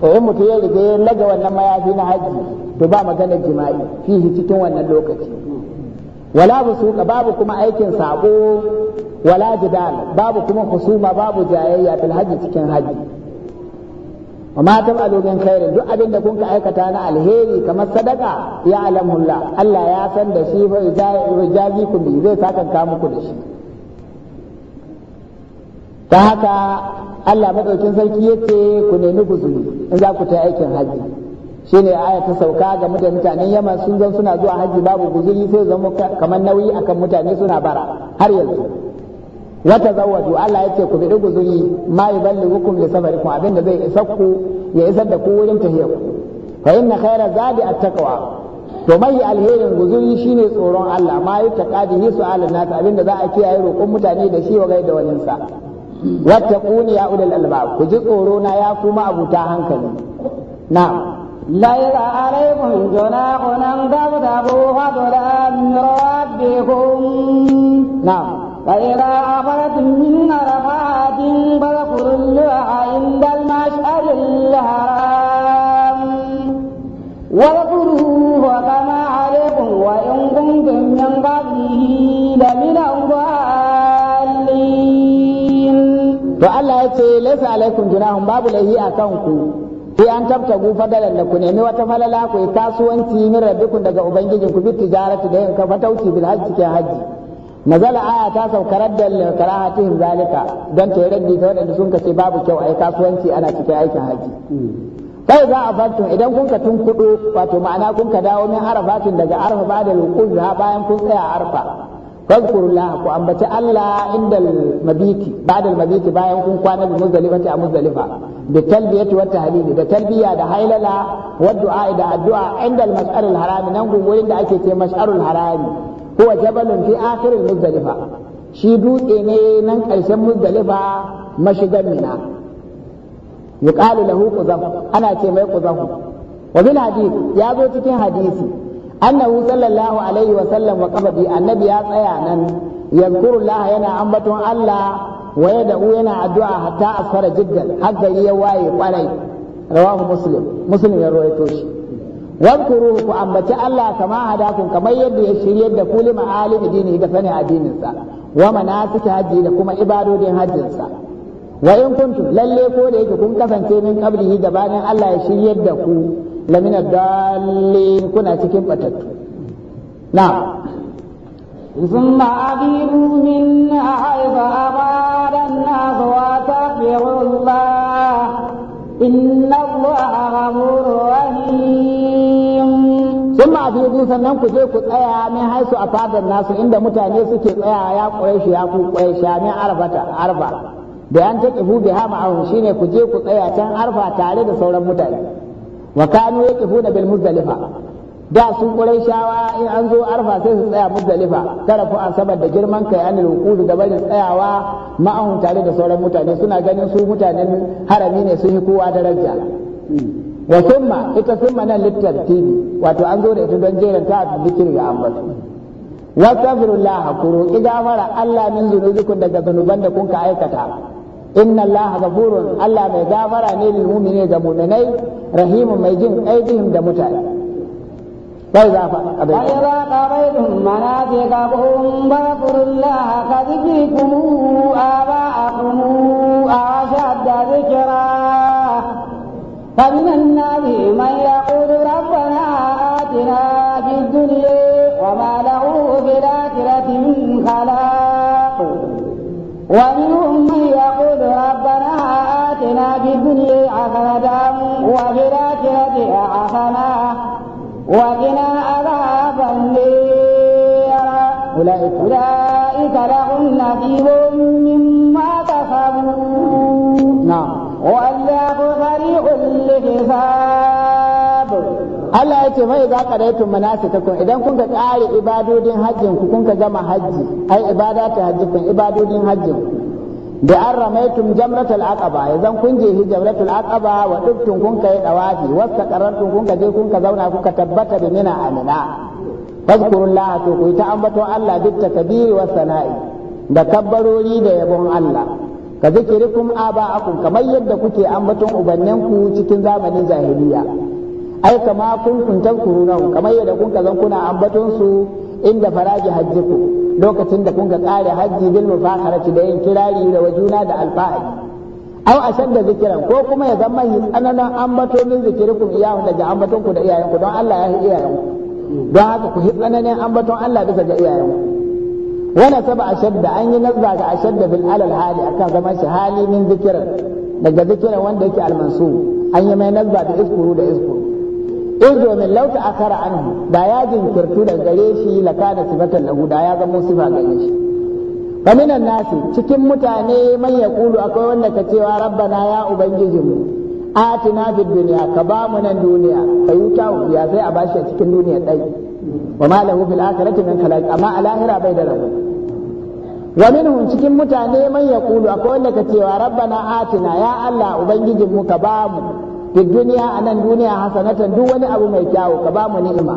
ko in mutum ya riga ya laga wannan mayafi na hajji to ba maganar jima'i fihi cikin wannan lokaci wala busuka babu kuma aikin sabo wala jidal babu kuma husuma babu jayayya fil hajji cikin hajji wa ma tamalu min khairin duk abin da kun aikata na alheri kamar sadaka ya alamullah Allah ya san da shi fa ijazi ku bi zai sakanka muku da shi ta haka Allah madaukin sarki yace ku nemi guzuri in za ku ta aikin haji shine aya ta sauka ga da mutanen Yaman sun zan suna zuwa hajji babu guzuri sai zama kamar nauyi akan mutane suna bara har yanzu wata zawadu Allah ya ce ku bi guzuri ma yuballighukum li sabarikum abinda zai isa ku ya isar da ku wurin tafiya ku fa inna khaira zadi at-taqwa to mai alherin guzuri shine tsoron Allah ma yutaqa su su'alan nas abinda za a kiyaye roƙon mutane da shi wa da wani sa wattaquni ya ulul alba ku ji tsoro na ya kuma abuta hankali na'am ليس عليكم جناح أن تبتغوا فضلا من ربكم نعم فإذا أفضت من عرفات فاذكروا الله عند المشعر الحرام واذكروه كما عليكم وإن كنتم من قبله لمن الضالين فالله يتي ليس عليكم جناح باب لهي أكونكم sai an tabtagu fadalan da ku nemi wata falala ku yi kasuwanci min rabbikun daga ku bi tijarati da yin kafatauci bil hajji ke hajji nazala aya ta saukar da karahatihim zalika don ta yi raddi ta waɗanda sun kace babu kyau a yi kasuwanci ana cikin aikin haji kai za a fartun idan kun ka tun kudu wato ma'ana kun ka dawo min arafatin daga arfa ba da lukun ha bayan kun tsaya arfa fadkurullah ku ambaci Allah inda mabiti ba'da mabiti bayan kun kwana bi muzdalifati a muzdalifa bi talbiyati wa tahlili da talbiya da hailala wa du'a da addu'a inda al harami nan gurin da ake ce mas'arul harami huwa jabalun fi akhiril muzdalifa shi dutse ne nan ƙarshen muzdalifa mashigan mina yuqalu lahu quzaf ana ce mai quzaf wa bil hadith ya zo cikin hadisi annahu sallallahu alaihi wa sallam wa qabadi annabi ya tsaya nan yankuru Allah yana ambaton Allah wa ya da'u yana addu'a hatta asfara jiddan har gari ya waye kwarai rawahu muslim muslim ya rawaito shi واذكروه ku ambaci Allah kama hadakun kamar yadda ya shiryar da ku lima alim dini da sanin addinin sa wa manasiki haji da kuma ibadodin hajjinsa. sa wa in kuntu lalle ko da yake kun kasance min qablihi bayan Allah ya shirye da ku lamina dallin kuna cikin batattu na'am ثم أبيروا من حيث أراد الناس وتغفروا الله إن الله غفور kuma a fi sannan ku je ku tsaya min haisu a fadar nasu inda mutane suke tsaya ya shi ya ku quraishi min arba da an ta hama biha ma'ahum shine ku je ku tsaya can arfa tare da sauran mutane wa kanu na bil muzdalifa da sun su shawa in an zo arfa sai su tsaya muzdalifa tarafu asabar da girman kai an rukudu da barin tsayawa ma'ahun tare da sauran mutane suna ganin su mutanen harami ne sun yi kowa daraja wa summa ita summa nan littartibi wato an zo da ita don jeran ta a zikiri ga ambata wa astaghfirullah ku roki gafara Allah min zunubikum daga zanuban da kun ka aikata inna Allah gafurun Allah mai gafara ne lil mu'mini ga mu'minai rahimun mai jin aidihim da mutane za bai ka ba فإذا ba مناسككم kadiki kumu aba آباءكم ashadda zikra فمن الناس من يقول ربنا آتنا في الدنيا وما له في الآخرة من خلاق ومنهم من يقول ربنا آتنا في الدنيا حسنة وفي الآخرة حسنة وقنا عذاب النير أولئك لهم نصيب مما كسبوا نعم hisab Allah ya ce mai za ka raitun idan kun ka kare ibadodin hajjin ku kun ka gama hajji ai ibada ta hajji kun ibadodin hajjin da an ramaitum jamratul aqaba idan kun je jamratul aqaba wa dubtum kun kai dawafi wasta qarantum kun ka je kun ka zauna kuka tabbata da mina amina fazkurullah to ku ta ambato Allah bit takbiri wa sana'i da kabbarori da yabon Allah ka zikiri aba aba'akum kamar yadda kuke ambaton ku cikin zamanin jahiliya ai kama kun kun tankuruna kamar yadda kun ka zan kuna ambaton su inda faraji ku lokacin da kun kare tsare hajji bil mufaharati da yin kirari da wajuna da alfahari au ashan da zikiran ko kuma ya zama yi tsananan ambatonin kun iyahu daga ambaton ku da iyayen ku don Allah ya yi ku. don haka ku yi tsananin ambaton Allah bisa ga ku. wala saba ashadda an yi nazza ga ashadda bil alal hali akan zama shi hali min zikirar daga zikirar wanda yake almansu an yi mai nazza da iskuru da iskuru in domin lauta akara anhu da ya jinkirtu da gare shi la kana sifatan lahu da ya zama sifa gare shi fa minan nasi cikin mutane man kulu akwai wanda ka cewa rabbana ya mu atina fid dunya ka ba mu nan duniya ka yi ya sai a bashi a cikin duniya dai wa ma lahu fil akhirati min khalaq amma a lahira bai da rabo wa minhum cikin mutane man yaqulu akwai wanda ka cewa rabbana atina ya Allah ubangijin mu ka bamu duk duniya anan duniya hasanatan duk wani abu mai kyawu ka bamu ni'ima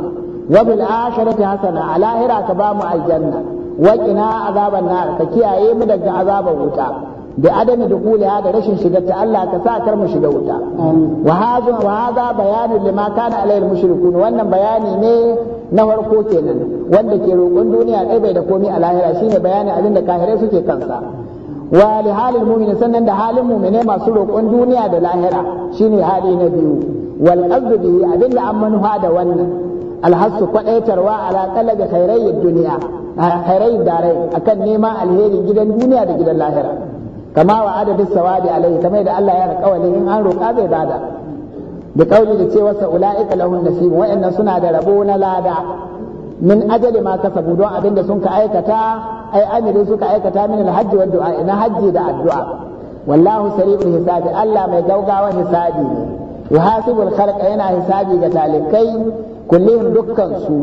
wa bil akhirati hasana a lahira ka bamu aljanna wa qina azaban nar ka kiyaye mu daga azaban wuta da adami dukuliya da rashin shigar ta Allah ka sa kar mu shiga wuta wa bayanin wa hadha bayanu lima mushrikun wannan bayani ne na farko kenan wanda ke roƙon duniya ɗai bai da komi a lahira shine bayanin abin da kahirai suke kansa wa li halil mu'mini sannan da halin mu'mine masu roƙon duniya da lahira shine hali na biyu wal qasdu abin da an manuha da wannan alhassu kwadaitarwa ala kala ga khairai duniya khairai darai akan neman alherin gidan duniya da gidan lahira kama wa adadin sawabi alai kamar da Allah ya alƙawarin in an roƙa bai bada da kauli da cewa sa ula'ika lahun nasibu wa'annan suna da rabo na lada min ajali ma kasabu don abin da sun ka aikata ai amiri suka aikata min alhajji wa du'a na hajji da addu'a wallahu sari'ul hisabi Allah mai gaugawa hisabi ne yuhasibu al yana hisabi ga talikai kullihim dukkan su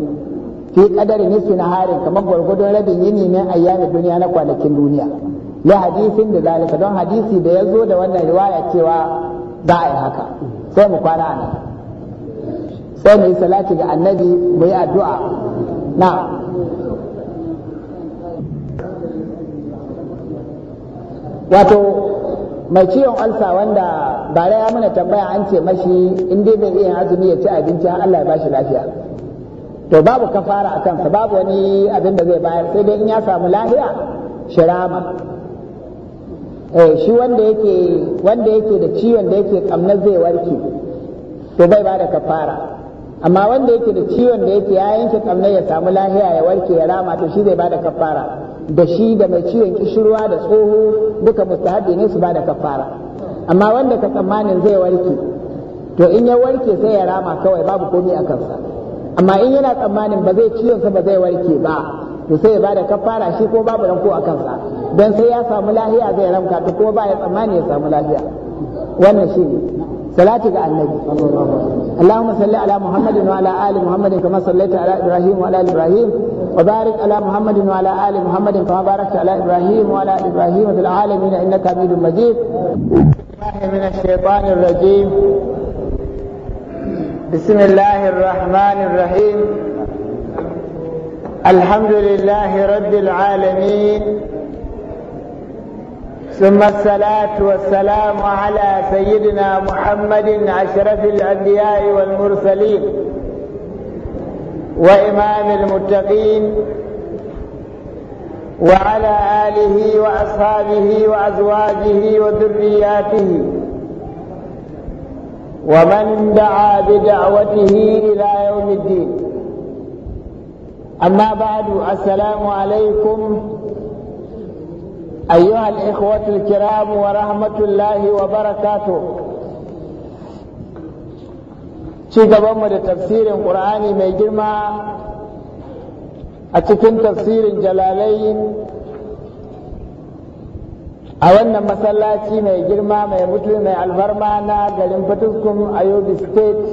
fi qadari nisfi harin kamar gwargwadon rabin yini ne ayyamin duniya na kwanakin duniya la hadisin da zalika don hadisi da yazo da wannan riwaya cewa za a yi haka sai mu kwana nan sai mu yi salati ga annabi mu yi addu'a na wato mai ciwon alsa wanda bara ya mana tambaya an ce mashi in dai bai iya azumi ya ci abinci har Allah ya bashi lafiya to babu kafara a kansa babu wani abin da zai bayar sai dai in ya samu lafiya shirama Eh, shi wanda yake wanda yake da ciwon da yake kamnar zai warke to bai ba da kafara amma wanda yake da ciwon da yake ya yanke kamnar ya samu lahiya ya warke ya rama to shi zai ba da kafara da shi da mai ciwon kishirwa da tsoho duka mustahabi ne su ba da kafara amma wanda ka tsammanin zai warke to in ya warke sai ya rama kawai babu komi a kansa amma in yana tsammanin ba zai ciwon sa ba zai warke ba to sai ya bada kafara shi ko babu ranko a kansa dan sai ya samu lahiya zai ramka to ko ba ya tsammani ya samu lahiya wannan shi salati ga annabi Allahumma salli ala Muhammadin wa ala ali Muhammadin kama sallaita ala Ibrahim wa ala ali Ibrahim wa barik ala Muhammadin wa ala ali Muhammadin kama barakta ala Ibrahim wa ala ali Ibrahim fil alamin innaka Hamidum Majid من الشيطان الرجيم بسم الله الرحمن الرحيم الحمد لله رب العالمين ثم الصلاة والسلام على سيدنا محمد أشرف الأنبياء والمرسلين وإمام المتقين وعلى آله وأصحابه وأزواجه وذرياته ومن دعا بدعوته إلى يوم الدين أما بعد السلام عليكم أيها الإخوة الكرام ورحمة الله وبركاته شيء قبل تفسير القرآن ميجمع أتكن تفسير جلالين a wannan masallaci mai girma mai mutum mai alfarma na garin fatuskun ayobi state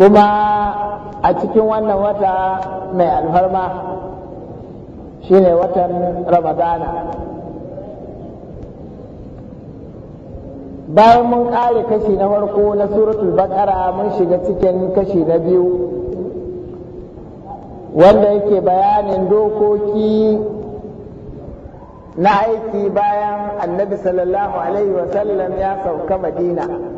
kuma a cikin wannan wata mai alfarma shi ne watan ramadana bayan mun kare kashi na farko na suratul bakara, mun shiga cikin kashi na biyu wanda yake bayanin dokoki na aiki bayan annabi sallallahu alaihi wasallam ya sauka madina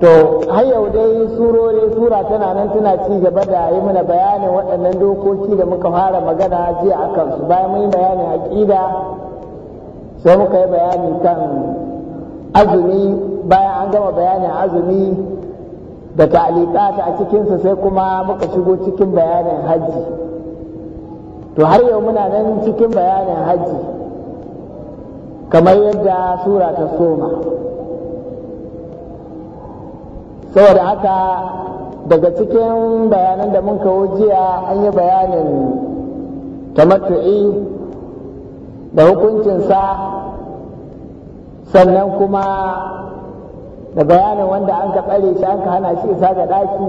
to har yau dai surori sura tana nan tana ci gaba da yi mana bayanin waɗannan dokoki da muka fara magana jiya a kansu bayan mun yi bayanin aƙida sai muka yi bayani kan azumi bayan an gama bayanin azumi da ta a cikinsa sai kuma muka shigo cikin bayanin hajji to har yau muna nan cikin bayanin hajji kamar yadda sura ta soma saboda haka daga cikin bayanan da mun kawo jiya an yi bayanin tamattu'i da hukuncinsa sannan kuma da bayanin wanda an ka tsare shi an ka hana shi isa ga daki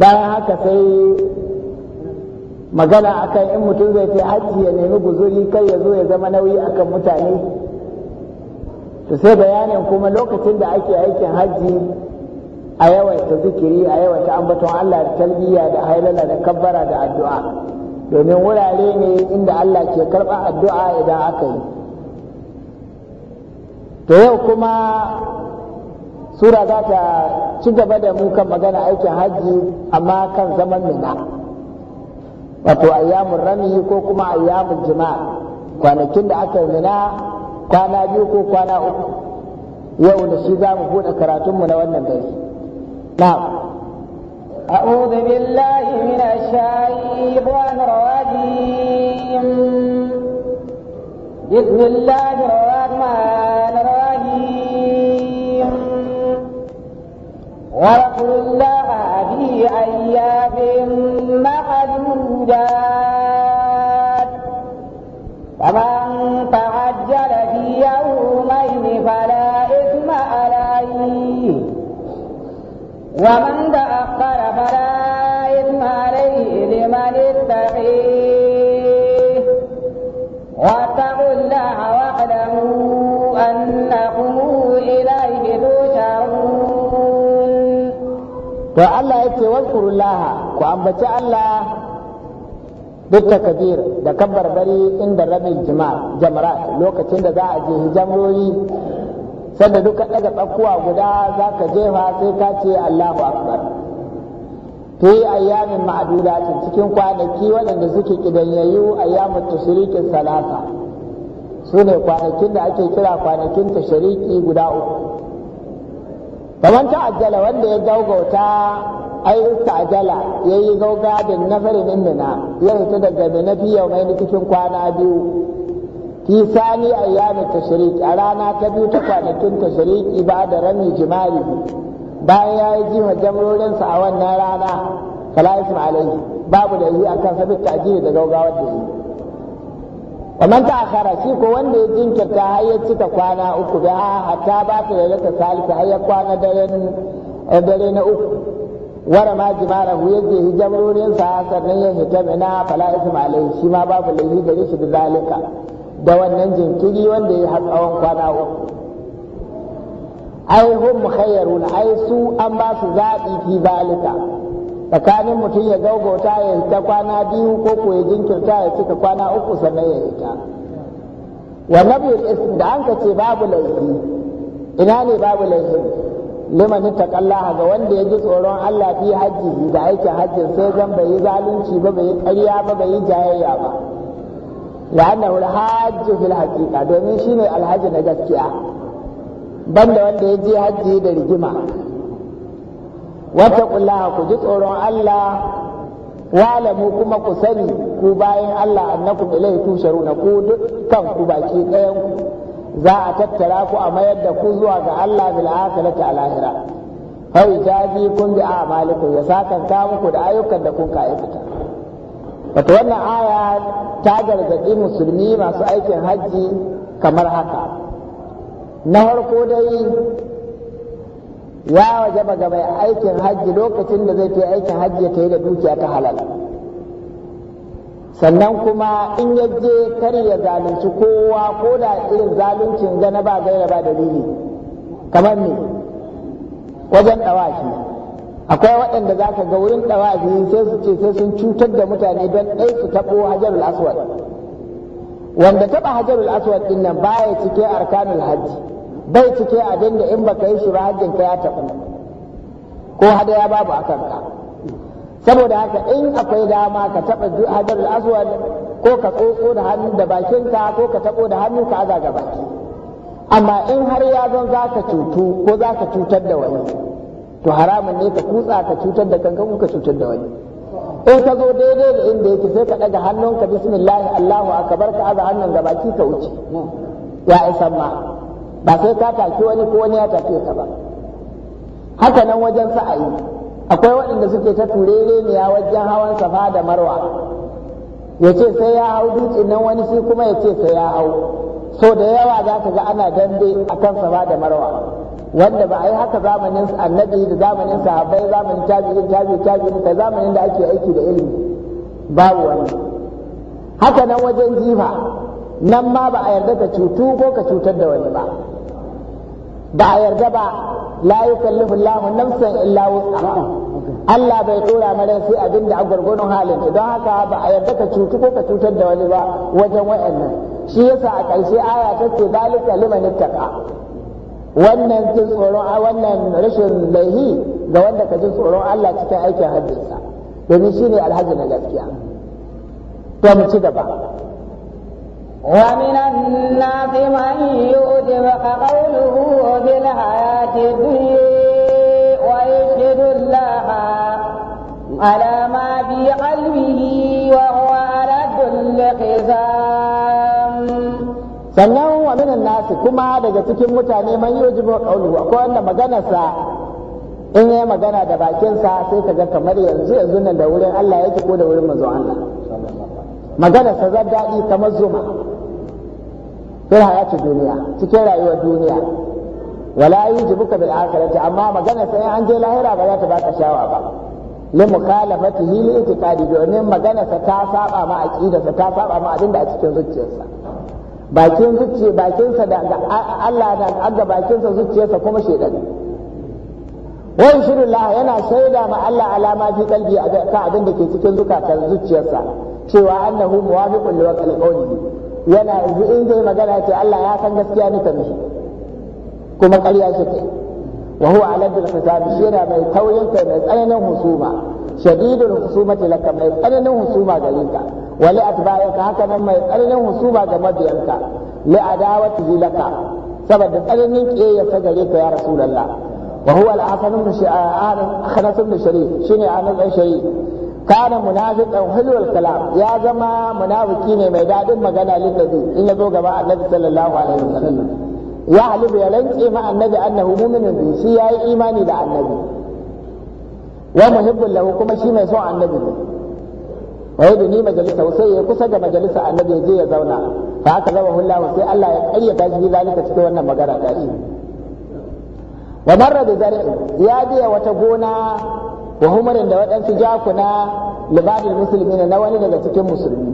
bayan haka sai magana akan in mutum zai fi hajji ya nemi guzuri kai ya zo ya zama nauyi akan mutane to sai bayanin kuma lokacin da ake aikin hajji a yawaita zikiri a yawaita ambaton Allah da talbiya da hailala da kabbara da addu'a domin wurare ne inda Allah ke karɓa addu'a idan aka yi to yau kuma sura za ta ci gaba da mu kan magana aikin hajji amma kan zaman mina wato ayyamun rami ko kuma ayyamun jima'a kwanakin da aka yi mina kwana biyu ko kwana uku yau da shi za mu buɗe karatunmu na wannan أعوذ بالله من الشيطان الرجيم بسم الله الرحمن الرحيم واتقوا الله في أيام معدودات فما ومن تأخر فلا إثم عليه لمن اتقيه واتقوا الله واعلموا أنكم إليه تجرون to Allah ya ce ku ambaci Allah kabir da kabbar bari inda rabin jama'a lokacin da za a je hijamrori sanda duka daga tsakuwa guda za ka jefa sai ka ce Allahu akbar fi ayyamin ma'aduda cikin kwanaki waɗanda suke kidanyayyu ayyamin tashirikin salasa su ne kwanakin da ake kira kwanakin tashiriki guda uku kamar wanda ya gaugauta ai ya yayi gauga bin nafarin minna yau ta daga na yau mai cikin kwana biyu fi sani ayyami tashriq a rana ta biyu ta kwanakin tashriq ba da rami jimari bayan ya yi jima sa a wannan rana falaisun alaihi babu da yi a kan ta'jiri da gaugawa da yi kamar ta akhara shi ko wanda ya jinkirta har ya cika kwana uku da hatta ba ta da ta salisa har ya kwana eh, dare na uku wara ma jimarahu ya je jamrorinsa sannan ya hita mina falaisun alaihi shi ma babu laifi da shi da zalika da wannan jinkiri wanda ya har tsawon kwana uku ai hum mukhayyarun ai su an ba su zaɓi fi balika tsakanin mutum ya gaugauta ya ta kwana biyu ko ko ya jinkirta ya cika kwana uku sannan ya ita wa nabiyul ism da an ce babu laifi ina ne babu laifi liman taqallaha ga wanda ya ji tsoron Allah fi hajji da aikin Hajji sai zan bai zalunci ba bai ƙarya ba bai jayayya ba la'annahu al hajji fil haƙiƙa domin shine alhaji na gaskiya banda wanda ya je hajji da rigima wata kullaha ku ji tsoron Allah walamu kuma ku sani ku bayan Allah ilai ilaihi tusharuna ku dukkan ku baki ɗayan ku za a tattara ku a mayar da ku zuwa ga Allah bil akhirati al lahira fa yajazi kun bi a'malikum ya sakanta muku da ayyukan da kun ka aikata wata wannan aya ta gargaɗi musulmi masu aikin hajji kamar haka na farko dai ya waje ga mai aikin hajji lokacin da zai fi aikin hajji ta yi da dukiya ta halal sannan kuma in ya je kar ya zalunci kowa ko da irin zaluncin gana ba gaira ba dalili kamar ne wajen ɗawashi akwai waɗanda za ka ga wurin ɗawafi sai su ce sai sun cutar da mutane don ɗai su taɓo hajarul aswad wanda taɓa hajarul aswad ɗin nan baya cike arkanul hajji bai cike abin da in baka yi shi ba hajjin ka ya taɓa ko hadaya babu a kanka saboda haka in akwai dama ka taɓa hajarul aswad ko ka tsotso da hannu da bakinka ko ka taɓo da hannu ka aza ga baki amma in har ya zan za ka cutu ko za ka cutar da wani to haramun ne ka kutsa ka cutar da kanka ko ka cutar da wani in ka zo daidai da inda yake sai ka daga hannunka bismillah Allahu akbar ka aza hannun gaba, baki ka wuce ya yi ma ba sai ka taki wani ko wani ya tafi ka ba haka nan wajen sa'ayi akwai waɗanda suke ta turere ne ya wajen hawan safa da marwa ya ce sai ya hau dutse nan wani shi kuma ya ce sai ya hau so da yawa za ka ga ana dambe kan sama da marwa wanda ba a yi haka zamanin annabi da zamanin sahabbai zamanin tabi'in tabi'in tabi'in da zamanin da ake aiki da ilimi babu wani haka nan wajen jifa nan ma ba a yarda ka cutu ko ka cutar da wani ba ba a yarda ba la yukallifu Allahu nafsan illa wus'aha Allah bai tura mana sai abin da a gwargwadon halin don haka ba a yarda ka cutu ko ka cutar da wani ba wajen wa'annan shi yasa a ƙarshe aya ta ce zalika liman ittaqa wannan jin tsoron wannan rashin laihi ga wanda ka ji tsoron Allah cikin aikin hajjinsa domin shine alhaji na gaskiya to mu ci gaba ومن الناس من يؤجبك قوله في الحياة الدنيا ويشهد الله على ما في قلبه وهو ألد الخصام sannan wa minan nasi kuma daga cikin mutane man yujibu qawluhu akwai wanda maganarsa in yayi magana da bakinsa sai ka kaga kamar yanzu yanzu nan da wurin Allah yake ko da wurin manzon Allah maganarsa zan daɗi kamar zuma fil hayati duniya cikin rayuwar duniya wala ka bil akhirati amma maganarsa in an je lahira ba za ta baka shawa ba li mukhalafatihi li itiqadi domin maganarsa ta saba ma aqidarsa ta saba ma abinda a cikin zuciyarsa bakin zuciya bakinsa da Allah da aga bakinsa zuciyarsa kuma shedan wa Allah yana shaida ma Allah alama fi qalbi ka abin da ke cikin zukatan zuciyarsa cewa annahu muwafiqun liwaqil qawli yana in zai magana ce Allah ya san gaskiya ne ta mishi kuma ƙarya shi kai wa huwa ala bil hisab mai tauyin kai mai tsananin husuma shadidul husumati lakam mai tsananin husuma ga ka wali atba'ika haka nan mai tsananin husuma ga mabiyanka li adawati zilaka saboda tsananin kiyaye gare ka ya rasulullah wa huwa al-hasan ibn shi'an khanas ibn sharif shine anan dan sharif kana munafiqan hulul kalam ya zama munafiki ne mai daɗin magana lin in ya zo gaba annabi sallallahu alaihi wasallam ya halibu ya rantse ma annabi annahu bi shi yayi imani da annabi wa muhibbul lahu kuma shi mai son annabi ne ويدني ni majalisa sai ya kusa ga majalisa annabi ya je ya zauna fa haka zama hullahu sai Allah ya kayyata shi zalika cikin wannan magana ta shi wa marra zar'i ya biya wata gona wa humarin da waɗansu jakuna libadil muslimina na wani daga cikin musulmi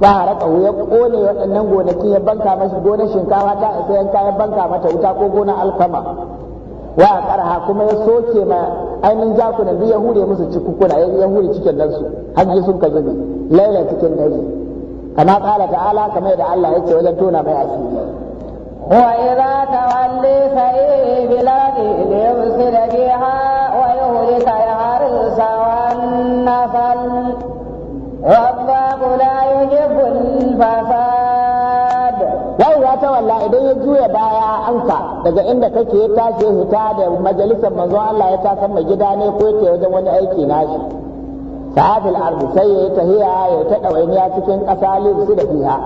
ba haraka ya kone waɗannan gonaki ya banka mashi gonar shinkafa ta isa yan kayan banka mata wuta ko gonar alkama wa karha kuma ya soke ma ainihin jakunan duk ya musu cikukuna ya hudu cikin nan su hajji sun ka zubi laila cikin dare kama kala ta'ala kamar da Allah ya ce wajen tona mai asiri وإذا تولي فإيه بلادي ليفسد فيها ويهلك الحرث Allah idan ya juya baya anka daga inda kake ya tashi ya hita da majalisar manzon Allah ya tasan mai gida ne ko yake wajen wani aiki nashi sa'adul ardi sai ya tahiya ya ta dawainiya cikin kasa lirsu da fiha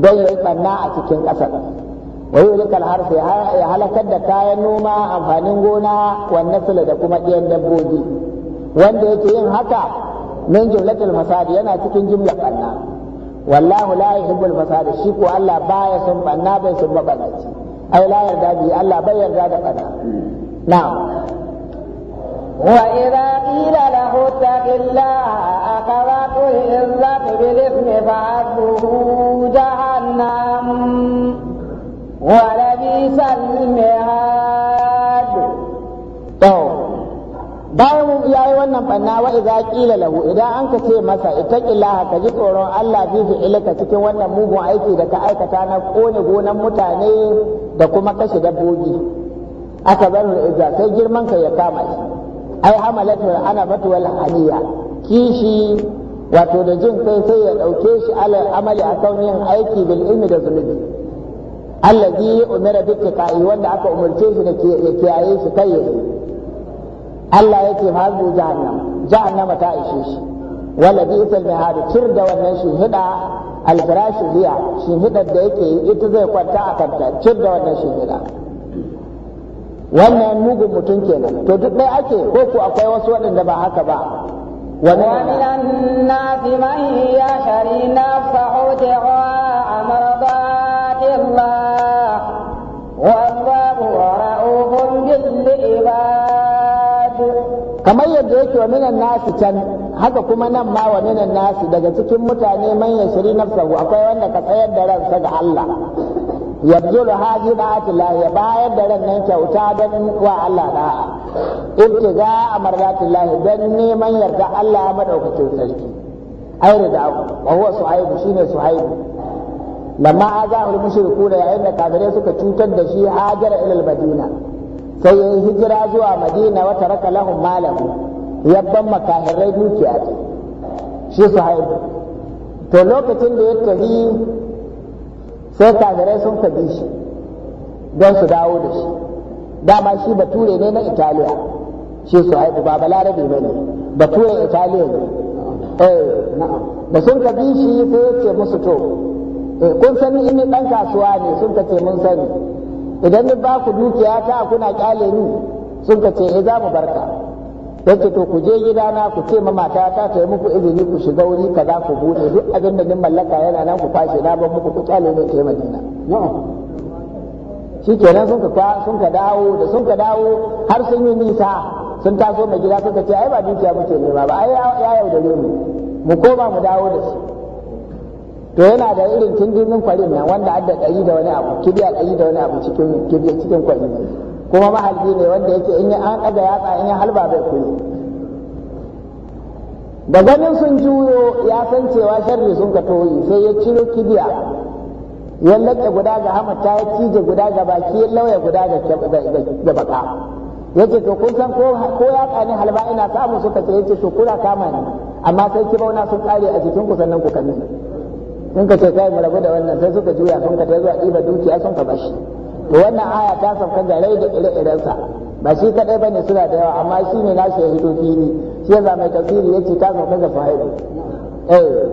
don ya yi banna a cikin ƙasar wa yulikal harfi ya halakar da kayan noma amfanin gona wannan sula da kuma ɗiyan dabbobi wanda yake yin haka min jumlatul masari yana cikin jumlar banna wallahu la yuhibbul fasada shi ko Allah baya son banna bai son mabalaci ai la yarda bi Allah bai yarda da banna na'am a قيل له اتق الله أخذته العزة بالإثم فعبده جهنم ولبئس wannan banna wa idza qila lahu idan an ka ce masa ittaqillaha ka ji tsoron Allah fi fi'ilaka cikin wannan mugun aiki da ka aikata na kone gonan mutane da kuma kashe dabbobi aka bar idza sai girman ka ya kama shi ai hamalatu ana wal haniya kishi wato da jin kai sai ya dauke shi ala amali akan yin aiki bil ilmi da zunubi allazi umira bi wanda aka umurce shi da kiyaye shi kai Allah ya yake hazu jahannama jahannama ta ishe shi wala bi ita mihadu tur da wannan shi hida alfirashi biya shi hida da yake ita zai kwanta a kanta tur da wannan shi hida wannan mugun mutum kenan to duk dai ake ko ko akwai wasu waɗanda ba haka ba ومن الناس من يشري نفسه ابتغاء kamar yadda yake wa minan nasu can haka kuma nan ma wa minan nasu daga cikin mutane man shiri nafsahu akwai wanda ka tsayar da ransa ga Allah yabzulu hajibatillah ya bayar da ran nan kyauta don wa Allah da ibtiga amratillah dan neman yarda Allah madaukakin sarki ayru da wa huwa suhaibu shine suhaibu lamma azahu al da yayin da kafirai suka cutar da shi hajara ilal ilal madina sai ya hijira zuwa madina wata raka lahun malamu yabban makahirai dukiya ce shi su haihu to lokacin da ya tafi sai kahirai sun kaji shi don su dawo da shi dama shi bature ne na italiya shi su haihu ba balarabe ba ne bature italiya ne eh, da sun kaji shi sai ya ce musu to eh, kun sani in ɗan kasuwa ne sun kace ce mun sani idan ni ba ku dukiya ta kuna kyale ni sun ka ce eh, za mu barka yace to ku je gidana ku ce ma mata ta ta yi muku izini ku shiga wuri kaza ku bude duk abin da nin mallaka yana nan ku kwashe na ban muku ku kyale ne ta madina shi kenan sun ka sun ka dawo da sun ka dawo har sun yi nisa sun taso mai gida suka ce ai ba dukiya muke nema ba ai ya yaudare mu mu koma mu dawo da shi to yana da irin kindimin kwarin nan wanda adda ɗari da wani abu kibiya ɗari da wani abu cikin kibiya cikin kwari kuma mahalli ne wanda yake in an ɗaga yatsa in ya halba bai kuri da ganin sun juyo ya san cewa sharri sun ka toyi sai ya ciro kibiya ya laƙe guda ga hamata ya cije guda ga baki ya lauya guda ga baka yace to kun san ko ya ne halba ina samu suka ce yace to kura kama ni amma sai kibauna sun kare a jikin ku sannan ku kame in ka ce kai mu rabu da wannan sai suka juya sun ka ta zuwa ɗiba dukiya sun ka bashi to wannan aya ta sauka ga rai da ire-irensa ba shi kadai bane suna da yawa amma shi ne nashi ya hito fili shi yasa mai tafsiri yace ta sauka ga fa'idu eh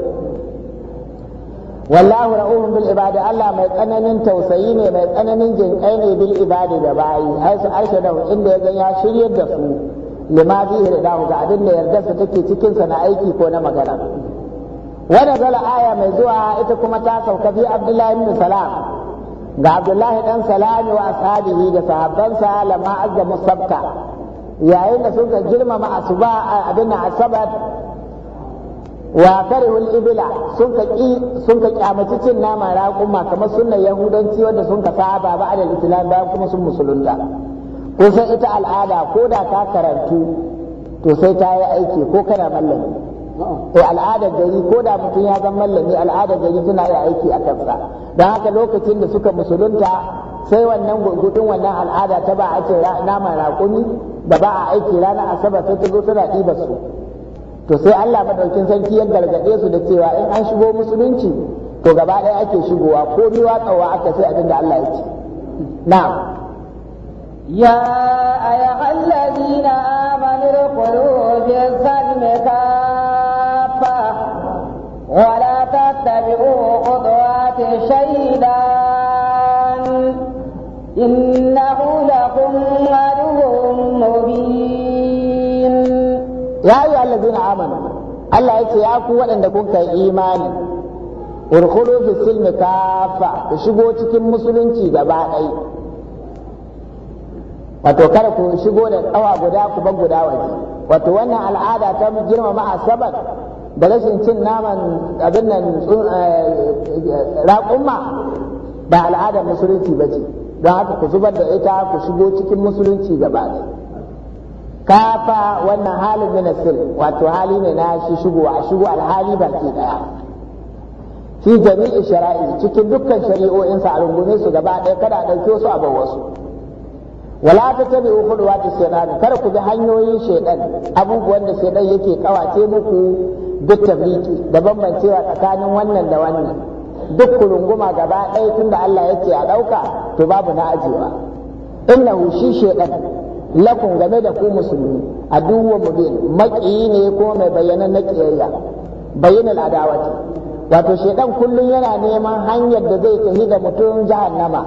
wallahu ra'uhum bil ibadi Allah mai tsananin tausayi ne mai tsananin jinkai ne bil ibadi da bayi ai su aisha da da ya ga ya shiryar da su lima fihi da ga abin da yarda su take cikin sa na aiki ko na magana wadda zala aya mai zuwa ita kuma ta sauka fi abdullahi ibn salam ga abdullahi dan salami wa ashabihi da sahabbansa lamma azza musabta yayin da suka girmama asuba abin asabat wa karihul ibila sun ka ki kyamaci cin nama raƙuma kamar sunnan yahudanci wanda sun saba ba da islam bayan kuma sun musulunta kusan ita al'ada ko da ka karantu to sai ta yi aiki ko kana mallaki. to al'adar gari ko da mutum ya zama mallami al'adar gari tana yi aiki a kansa don haka lokacin da suka musulunta sai wannan gudun wannan al'ada ta ba a ce naman raƙumi da ba a aiki ranar asabar sai ta zo tana ɗiba su to sai Allah madaukin sarki ya gargaɗe su da cewa in an shigo musulunci to gaba ɗaya ake shigowa ko wa tsawa aka sai abin da Allah ya ce na'am ya ayyuhal ladina amanu qulu bi ولا تتبعوا خطوات الشيطان إنه لكم عدو مبين يا أيها الذين آمنوا الله يكي ياكو ولن كنت إيماني ارخلوا في السلم كافة شبو تكم مسلنتي جبائي wato kada ku shigo da tsawa guda ku bar guda waje wato wannan al'ada ta girmama sabar da rashin cin naman abin nan eh, raƙumma ba al'adar musulunci ba ce don haka ku zubar da ita ku shigo cikin musulunci gaba kafa wannan halin minasir wato hali ne na shi shigo a shigo alhali baki daya fi jami'i shari'i cikin dukkan shari'o'in sa rungume su gaba ɗaya kada a ɗauke su a bar wasu wala ta tabi uhudu wa shaytan kada ku bi hanyoyin shaidan, abubuwan da shaidan yake kawace muku duk tabriki da bambancewa tsakanin wannan da wannan duk kurunguma gaba ɗaya tun da Allah yake a ɗauka to babu na ajewa innahu shi shedan lakum game da ku musulmi a duwa mubin maƙiyi ne ko mai bayanan na kiyayya bayanan adawati wato shedan kullum yana neman hanyar da zai tafi da mutum jahannama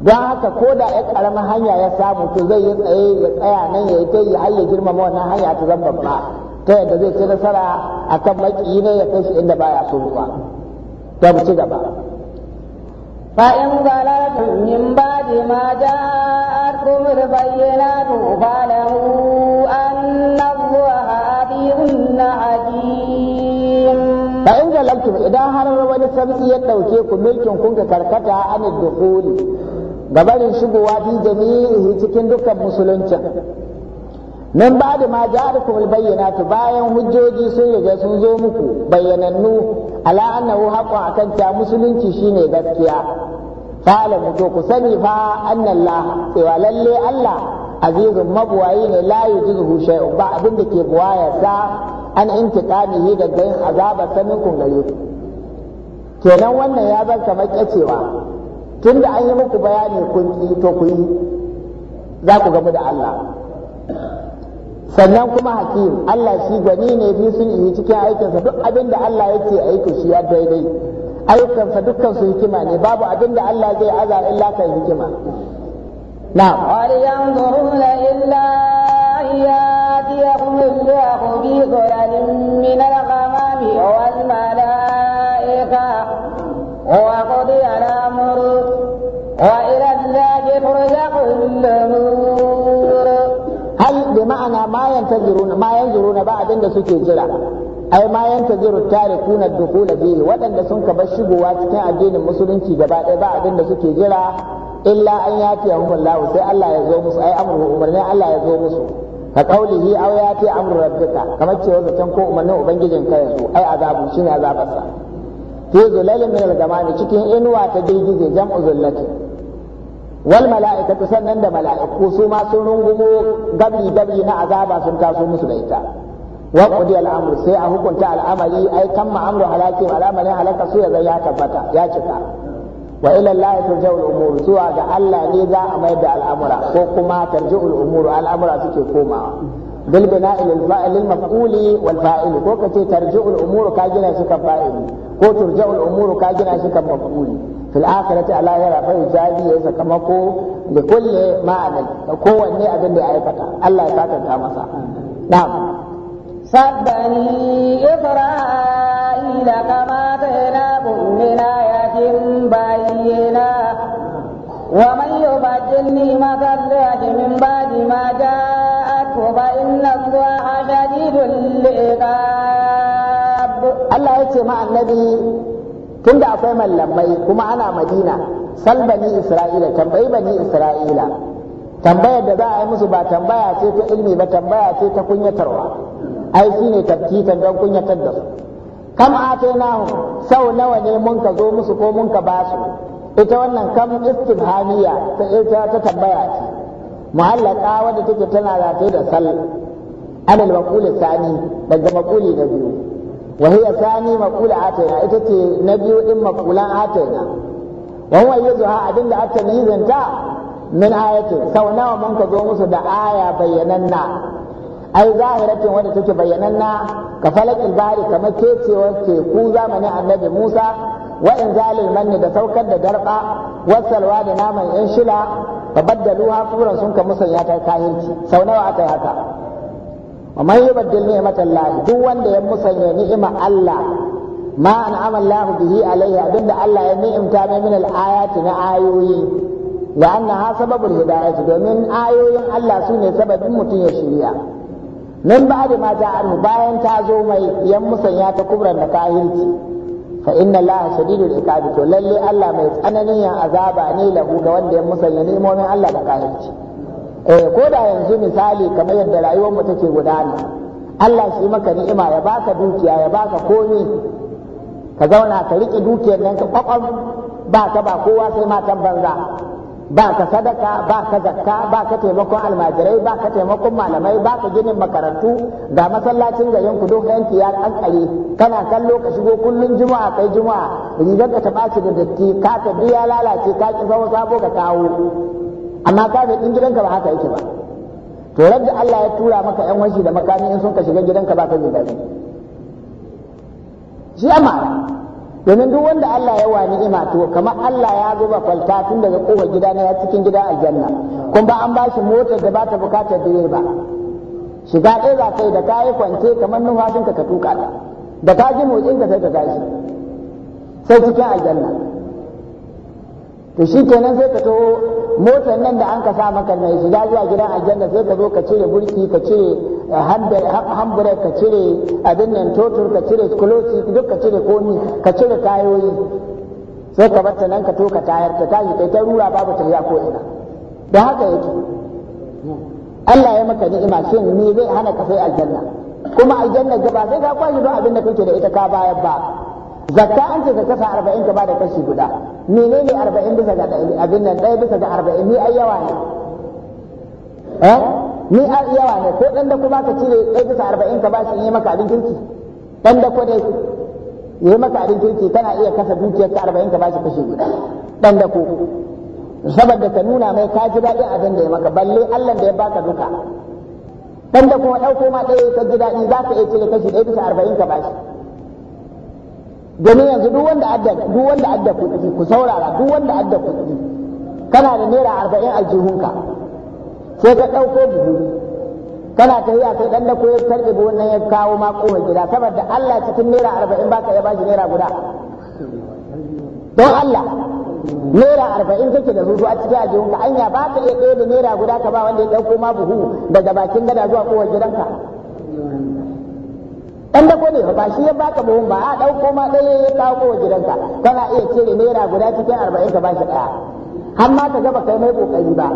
don haka ko da ya karamin hanya ya samu to zai yi tsaye ya tsaya nan ya yi ta har ya girmama wannan hanya ta zan babba ta yadda zai ci nasara a kan maki ne ya kai shi inda baya so zuwa ta ci gaba فإن ضللتم من بعد ما جاءتكم an فاعلموا a الله na حكيم فإن idan wani sarki ya ɗauke ku mulkin kun ga karkata an dukuli gabarin shigowa fi jami'i cikin dukkan musuluncin nan ba da ma bayyana ta bayan hujjoji sun riga sun zo muku bayyanannu ala annahu haqqun akan ta musulunci shine gaskiya fa'ala mu ku sani fa annallaha cewa lalle Allah azizun mabwayi ne la yujizuhu shay'un ba abin da ke buwaya sa an intiqamihi daga yin azaba saminkum gare ku kenan wannan ya zan kamar cewa tunda an yi muku bayani kun ki to ku yi za ku gamu da Allah sannan kuma hakim Allah shi gwani ne biyu sun yi cikin aikinsa duk abin da Allah ya ce aiki shi ya daidai ayyukansa dukkan su hikima ne babu abin da Allah zai aza illa kan hikima na waliyam duruna illa yatiyahum Allahu bi dhalalim min al-ghamami wal malaika wa qudiya al-amru wa ila Allah turja'u al hal bi ma'ana ma yantaziruna ma yanzuruna ba abin da suke jira ai ma yantaziru tarikuna dukhula bi waɗanda sun ka bar shigowa cikin addinin musulunci gaba ɗaya ba abin da suke jira illa an yati Allah sai Allah ya zo musu ai amru umarni Allah ya zo musu ka qaulihi aw yati amru rabbika kamar cewa zaton ko umarnin ubangijin ka yanzu ai azabu shine azabarsa fi zulalin min al-gamani cikin inuwa ta girgije jam'u zullati wal mala'ikatu sannan da mala'iku su ma sun rungumo gabi gabi na azaba sun taso musu da ita wa qudi al'amru sai a hukunta al'amari ai kan ma'amru halakin al'amarin halaka su ya ya tabbata ya cika wa ila Allah turja'ul umur zuwa ga Allah ne za a mayar da al'amura ko kuma tarji'ul umur al'amura suke komawa bil bina'i lil fa'il lil maf'uli wal fa'il ko kace tarji'ul umur ka gina shi kan fa'ili ko turja'ul umur ka gina shi kan maf'uli fil akhirati a lahira fa yujazi ya sakamako da kulle ma'anin da kowanne abin da ya aikata Allah ya sakanta masa na'am sabbani isra'ila kama tainabun min ayatin bayyina wa man yubajjil ni'matan lahi min ba'di ma ja'at fa inna Tun da akwai mallamai kuma ana madina sal bani isra'ila tambayi bani isra'ila tambayar da za a yi musu ba tambaya ce ta ilmi ba tambaya ce ta kunyatarwa ai ne tabkitan don kunyatar da su kam atainahu sau nawa ne mun ka zo musu ko mun ka ba su ita wannan kam istifhamiya ta ita ta tambaya ce muhallaka wadda take tana rataye da sal alal maqul sani daga maquli na biyu wa sani thani ata atayna ita ce na biyu din maqulan atayna wa huwa yuzuha abinda at-tamyizin ta min ayatin sau nawa mun ka zo musu da aya bayyananna ai zahiratin wanda take bayyananna ka falakil bari kamar kecewar teku zamanin annabi Musa wa inzalil manni da saukar da darba wasalwa da naman yan shila fa baddaluha furan sun ka musanya ta sau nawa aka yi haka wa ya yubaddil ni'matallahi duk wanda ya musanya ni'ima Allah ma an'ama Allahu bihi alaihi abinda Allah ya ni'imta mai min al na ayoyi wa annaha sababul hidayati domin ayoyin Allah sune sababin mutum ya shirya nan ba da ma ja'ar bayan ta zo mai yan musanya ta kubran da kahirci ka inna Allah shadidul iqabi to lalle Allah mai tsananin azaba ne lahu wanda ya musanya ni'imomin Allah da kafirci eh ko da yanzu misali kamar yadda rayuwar mu take gudana Allah shi maka ni'ima ya baka dukiya ya baka komi ka zauna ka rike dukiyar nan ka kwakwam ba ka ba kowa sai matan banza ba ka sadaka ba ka zakka ba ka taimakon almajirai ba ka taimakon malamai ba ka ginin makarantu ga masallacin ga yanku duk yanki ya kankare kana kallo ka shigo kullun juma'a kai juma'a rigar ka ta baci da datti ka ta biya lalace ka ki zama sabo ka kawo amma ga din gidanka ba haka yake ba to rabbi Allah ya tura maka yan wanshi da makami in sun ka shiga gidanka ba ka jin shi amma domin duk wanda Allah ya wani ima to kamar Allah ya zuba kwalta tun daga kofar gida na ya cikin gida aljanna kun ba an bashi motar da ba ta bukatar direba shiga ɗaya za kai da yi kwance kamar numfashinka ka tuka da ka ji motsinka sai ka gashi sai cikin aljanna to shi kenan sai ka taho motar nan da an ka sa maka mai shiga zuwa gidan aljanna sai ka zo ka cire burki ka cire eh, hambure ka cire abin nan totur ka cire kulosi duk ka cire komi ka cire tayoyi sai ka bar nan ka to ka tayar ta tashi kai ta rura babu ta ya ko ina da haka yake Allah ya maka ni'ima shin ni zai hana ka sai aljanna kuma aljanna ga ba sai ka kwashi don abin da kake da ita ka bayar ba zakka an ce zakka sa arba'in ka bada kashi guda menene arba'in bisa ga abin nan ɗaya bisa ga arba'in ni ai yawa ne eh ni ai yawa ne ko ɗan da kuma ka cire ɗaya bisa arba'in ka bashi in yi maka abin kirki ɗan da dai ya yi maka abin kirki kana iya kasa dukiyar ka arba'in ka bashi kashi guda ɗan da ku saboda ka nuna mai ka ji daɗin abin da ya maka balle Allah da ya baka duka ɗan da kuma ɗauko ma ɗaya ka ji daɗi za ka iya cire kashi ɗaya bisa arba'in ka bashi domin yanzu duk wanda adda duk wanda adda kuɗi ku saurara duk wanda adda kuɗi kana da naira arba'in a jihunka sai ka ɗauko buhu kana tafiya sai dan da ko ya karɓe wannan ya kawo ma kowar gida saboda Allah cikin naira arba'in baka ya bashi naira guda don Allah naira arba'in kake da hudu a cikin ka anya ba ka iya ɗaya da naira guda ka ba wanda ya ɗauko ma buhu daga bakin gada zuwa kowar gidanka dan dako ne ba shi ya baka buhun ba a dauko ma ɗaya ya kawo kowa gidanka kana iya cire naira guda cikin arba'in ka bashi ɗaya har ma ka gaba kai mai kokari ba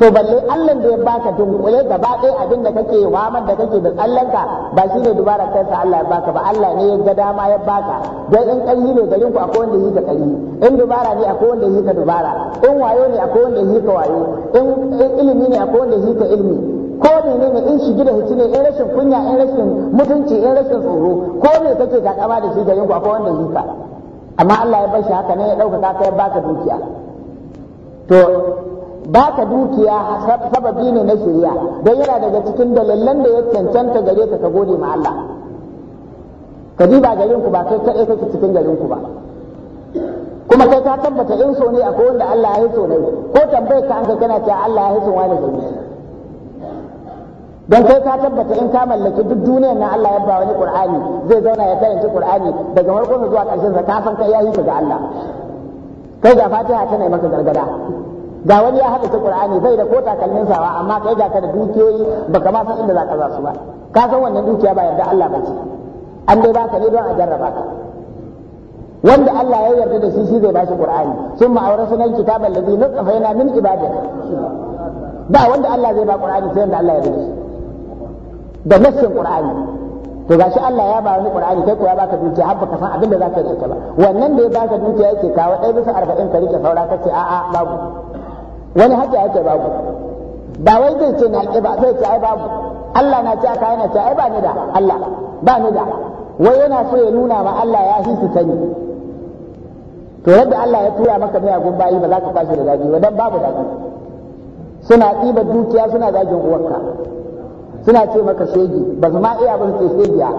to balle Allah da ya baka dunkule gaba ɗaya abin da kake man da kake da tsallanka ba shi ne dubara kansa Allah ya baka ba Allah ne ya ga dama ya baka don in ƙarfi ne garin ku akwai wanda yi ka ƙarfi in dubara ne akwai wanda yi ka dubara in wayo ne akwai wanda yi ka wayo in ilimi ne akwai wanda yi ka ilimi ko ne in shigi da hici ne in rashin kunya in rashin mutunci in rashin tsoro ko me kake takama da shi garin ku akwai wanda yi amma Allah ya bar shi haka ne ya ɗauka ka ya baka dukiya to baka dukiya sababi ne na shirya don yana daga cikin dalilan da ya cancanta gare ka ka gode ma Allah ka ba garin ku ba kai kaɗai kake cikin garin ku ba kuma kai ka tabbata in so ne akwai wanda Allah ya so ne ko tambayar ka an kai kana cewa Allah ya so wani gari don kai ka tabbata in ka mallaki duk duniyar na Allah ya ba wani Qur'ani zai zauna ya karanta Qur'ani daga farkon zuwa ƙarshen sa ka san kai yayi ka ga Allah kai ga Fatiha tana maka gargada ga wani ya haɗa Qur'ani bai da ko takalmin sawa amma kai ga ka da dukiyoyi baka ma san inda zaka za su ba ka san wannan dukiya ba yarda Allah bace an dai ka ne don a jarraba ka wanda Allah ya yarda da shi shi zai bashi Qur'ani summa awrasna al-kitaba alladhi nutfaina min ibadina ba wanda Allah zai ba Qur'ani sai wanda Allah ya yarda shi da nassin qur'ani to gashi Allah ya ba wani qur'ani kai ko ya baka dukiya har baka san abin da zaka yi ba wannan da ya baka dukiya yake kawo ɗaya bisa arba'in ka rike saura kace a'a babu wani hajji yake babu ba wai zai ce na ƙi ba zai ce ai babu Allah na ce aka yana ce ai ba ni da Allah ba ni da wai yana so ya nuna ma Allah ya shi ni. to yadda Allah ya tura maka miyagun bayi ba za ka tashi da daji ba dan babu daji suna tsiba dukiya suna zagin uwarka suna ce maka shegi ba su ma iya ba su ce shegiya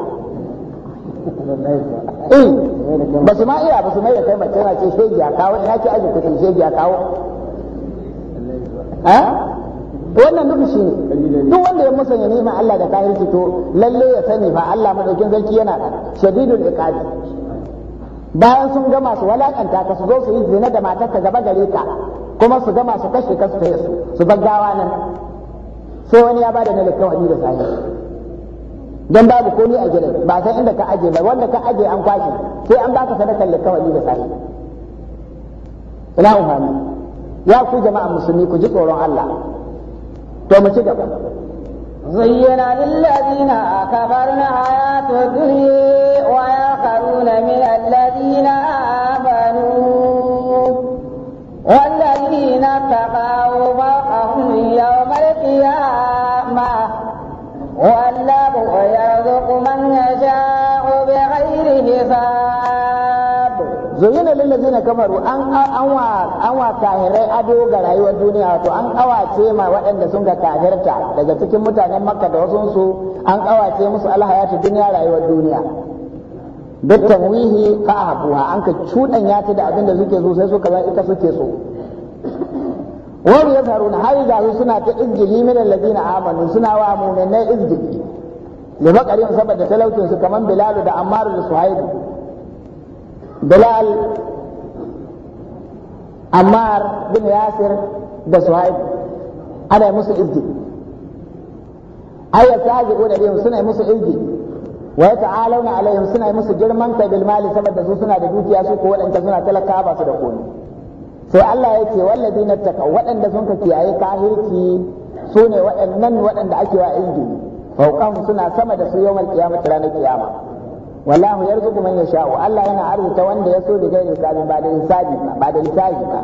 eh ba su ma iya ba su mai da kai mace na ce shegiya kawo ina ce aji kuɗin shegiya kawo wannan duk shi ne duk wanda ya musanya ma Allah da kayan to lalle ya sani ba, Allah madaukin zarki yana shadidul iqabi bayan sun gama su walakanta ka su zo su yi zina da matarka gaba gare ka kuma su gama su kashe kasu ta yasu su su bar gawa nan sai wani ya bada na likawani da sani dan babu komai a gidan ba san inda ka aje ba wanda ka aje an kwashe sai an baka sadakar likawani da sani ina umani ya ku jama'an musulmi ku ji tsoron Allah to mu ci gaba زين للذين كفرنا حياة الدنيا ويقرون من الذين آمنوا والذين اتقوا يوم القيامة والله يرزق من يشاء بغير حساب زين للذين كفروا أن أنوى أنوى كاهر أدو غراي ودنيا تو أن أوى تيما وإن سنك كاهرتا لجا تكي متانا مكة دوسنسو أن أوى تيمس الحياة الدنيا رايو الدنيا da tanwihi ka abuha an ka cuɗanya ta da abin da suke so sai suka zai ita suke so wani ya faru na har gasu suna ta izgili min alladina amanu suna wa mu'minai izgili li baqarin saboda talaucin su kamar bilal da ammar da suhaib bilal ammar bin yasir da suhaib ana musu izgili ay yasaji'u da bihim suna musu izgili wa yata'alawna alaihim suna musu girman kai Bilmali saboda su suna da dukiya su ko waɗanda suna talaka ba su da komai sai Allah ya ce wallazi na taka waɗanda sun ka kiyaye kahirci su ne waɗannan waɗanda ake wa injini fauqahum suna sama da su yawmal qiyamati ranar kiyama wallahu yarzuqu man yasha'u Allah yana arzuta wanda ya so da gairi sabin ba da hisabi ba da hisabi ba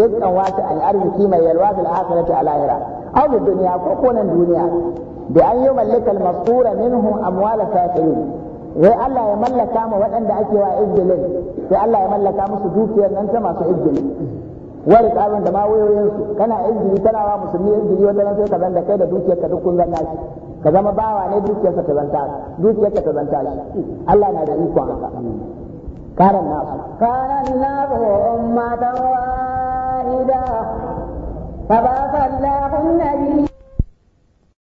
rizqan wasi'an arziki mai yalwa fil akhirati a lahira aw bid dunya ko ko nan duniya da an yi mallaka al-masqura minhum amwal kafirin sai Allah ya mallaka ma waɗanda ake wa izgilin sai Allah ya mallaka musu dukiyar nan ta masu izgilin wani tsarin da ma su kana izini tana wa musulmi izini wata nan sai ka zanta kai da dukiyar ka dukkan zanta shi ka zama bawa ne dukiyarsa ta zanta dukiyarka ta zanta shi Allah na da iko haka karan nasu karan nasu ummatan wahida fa ba sallahu nabi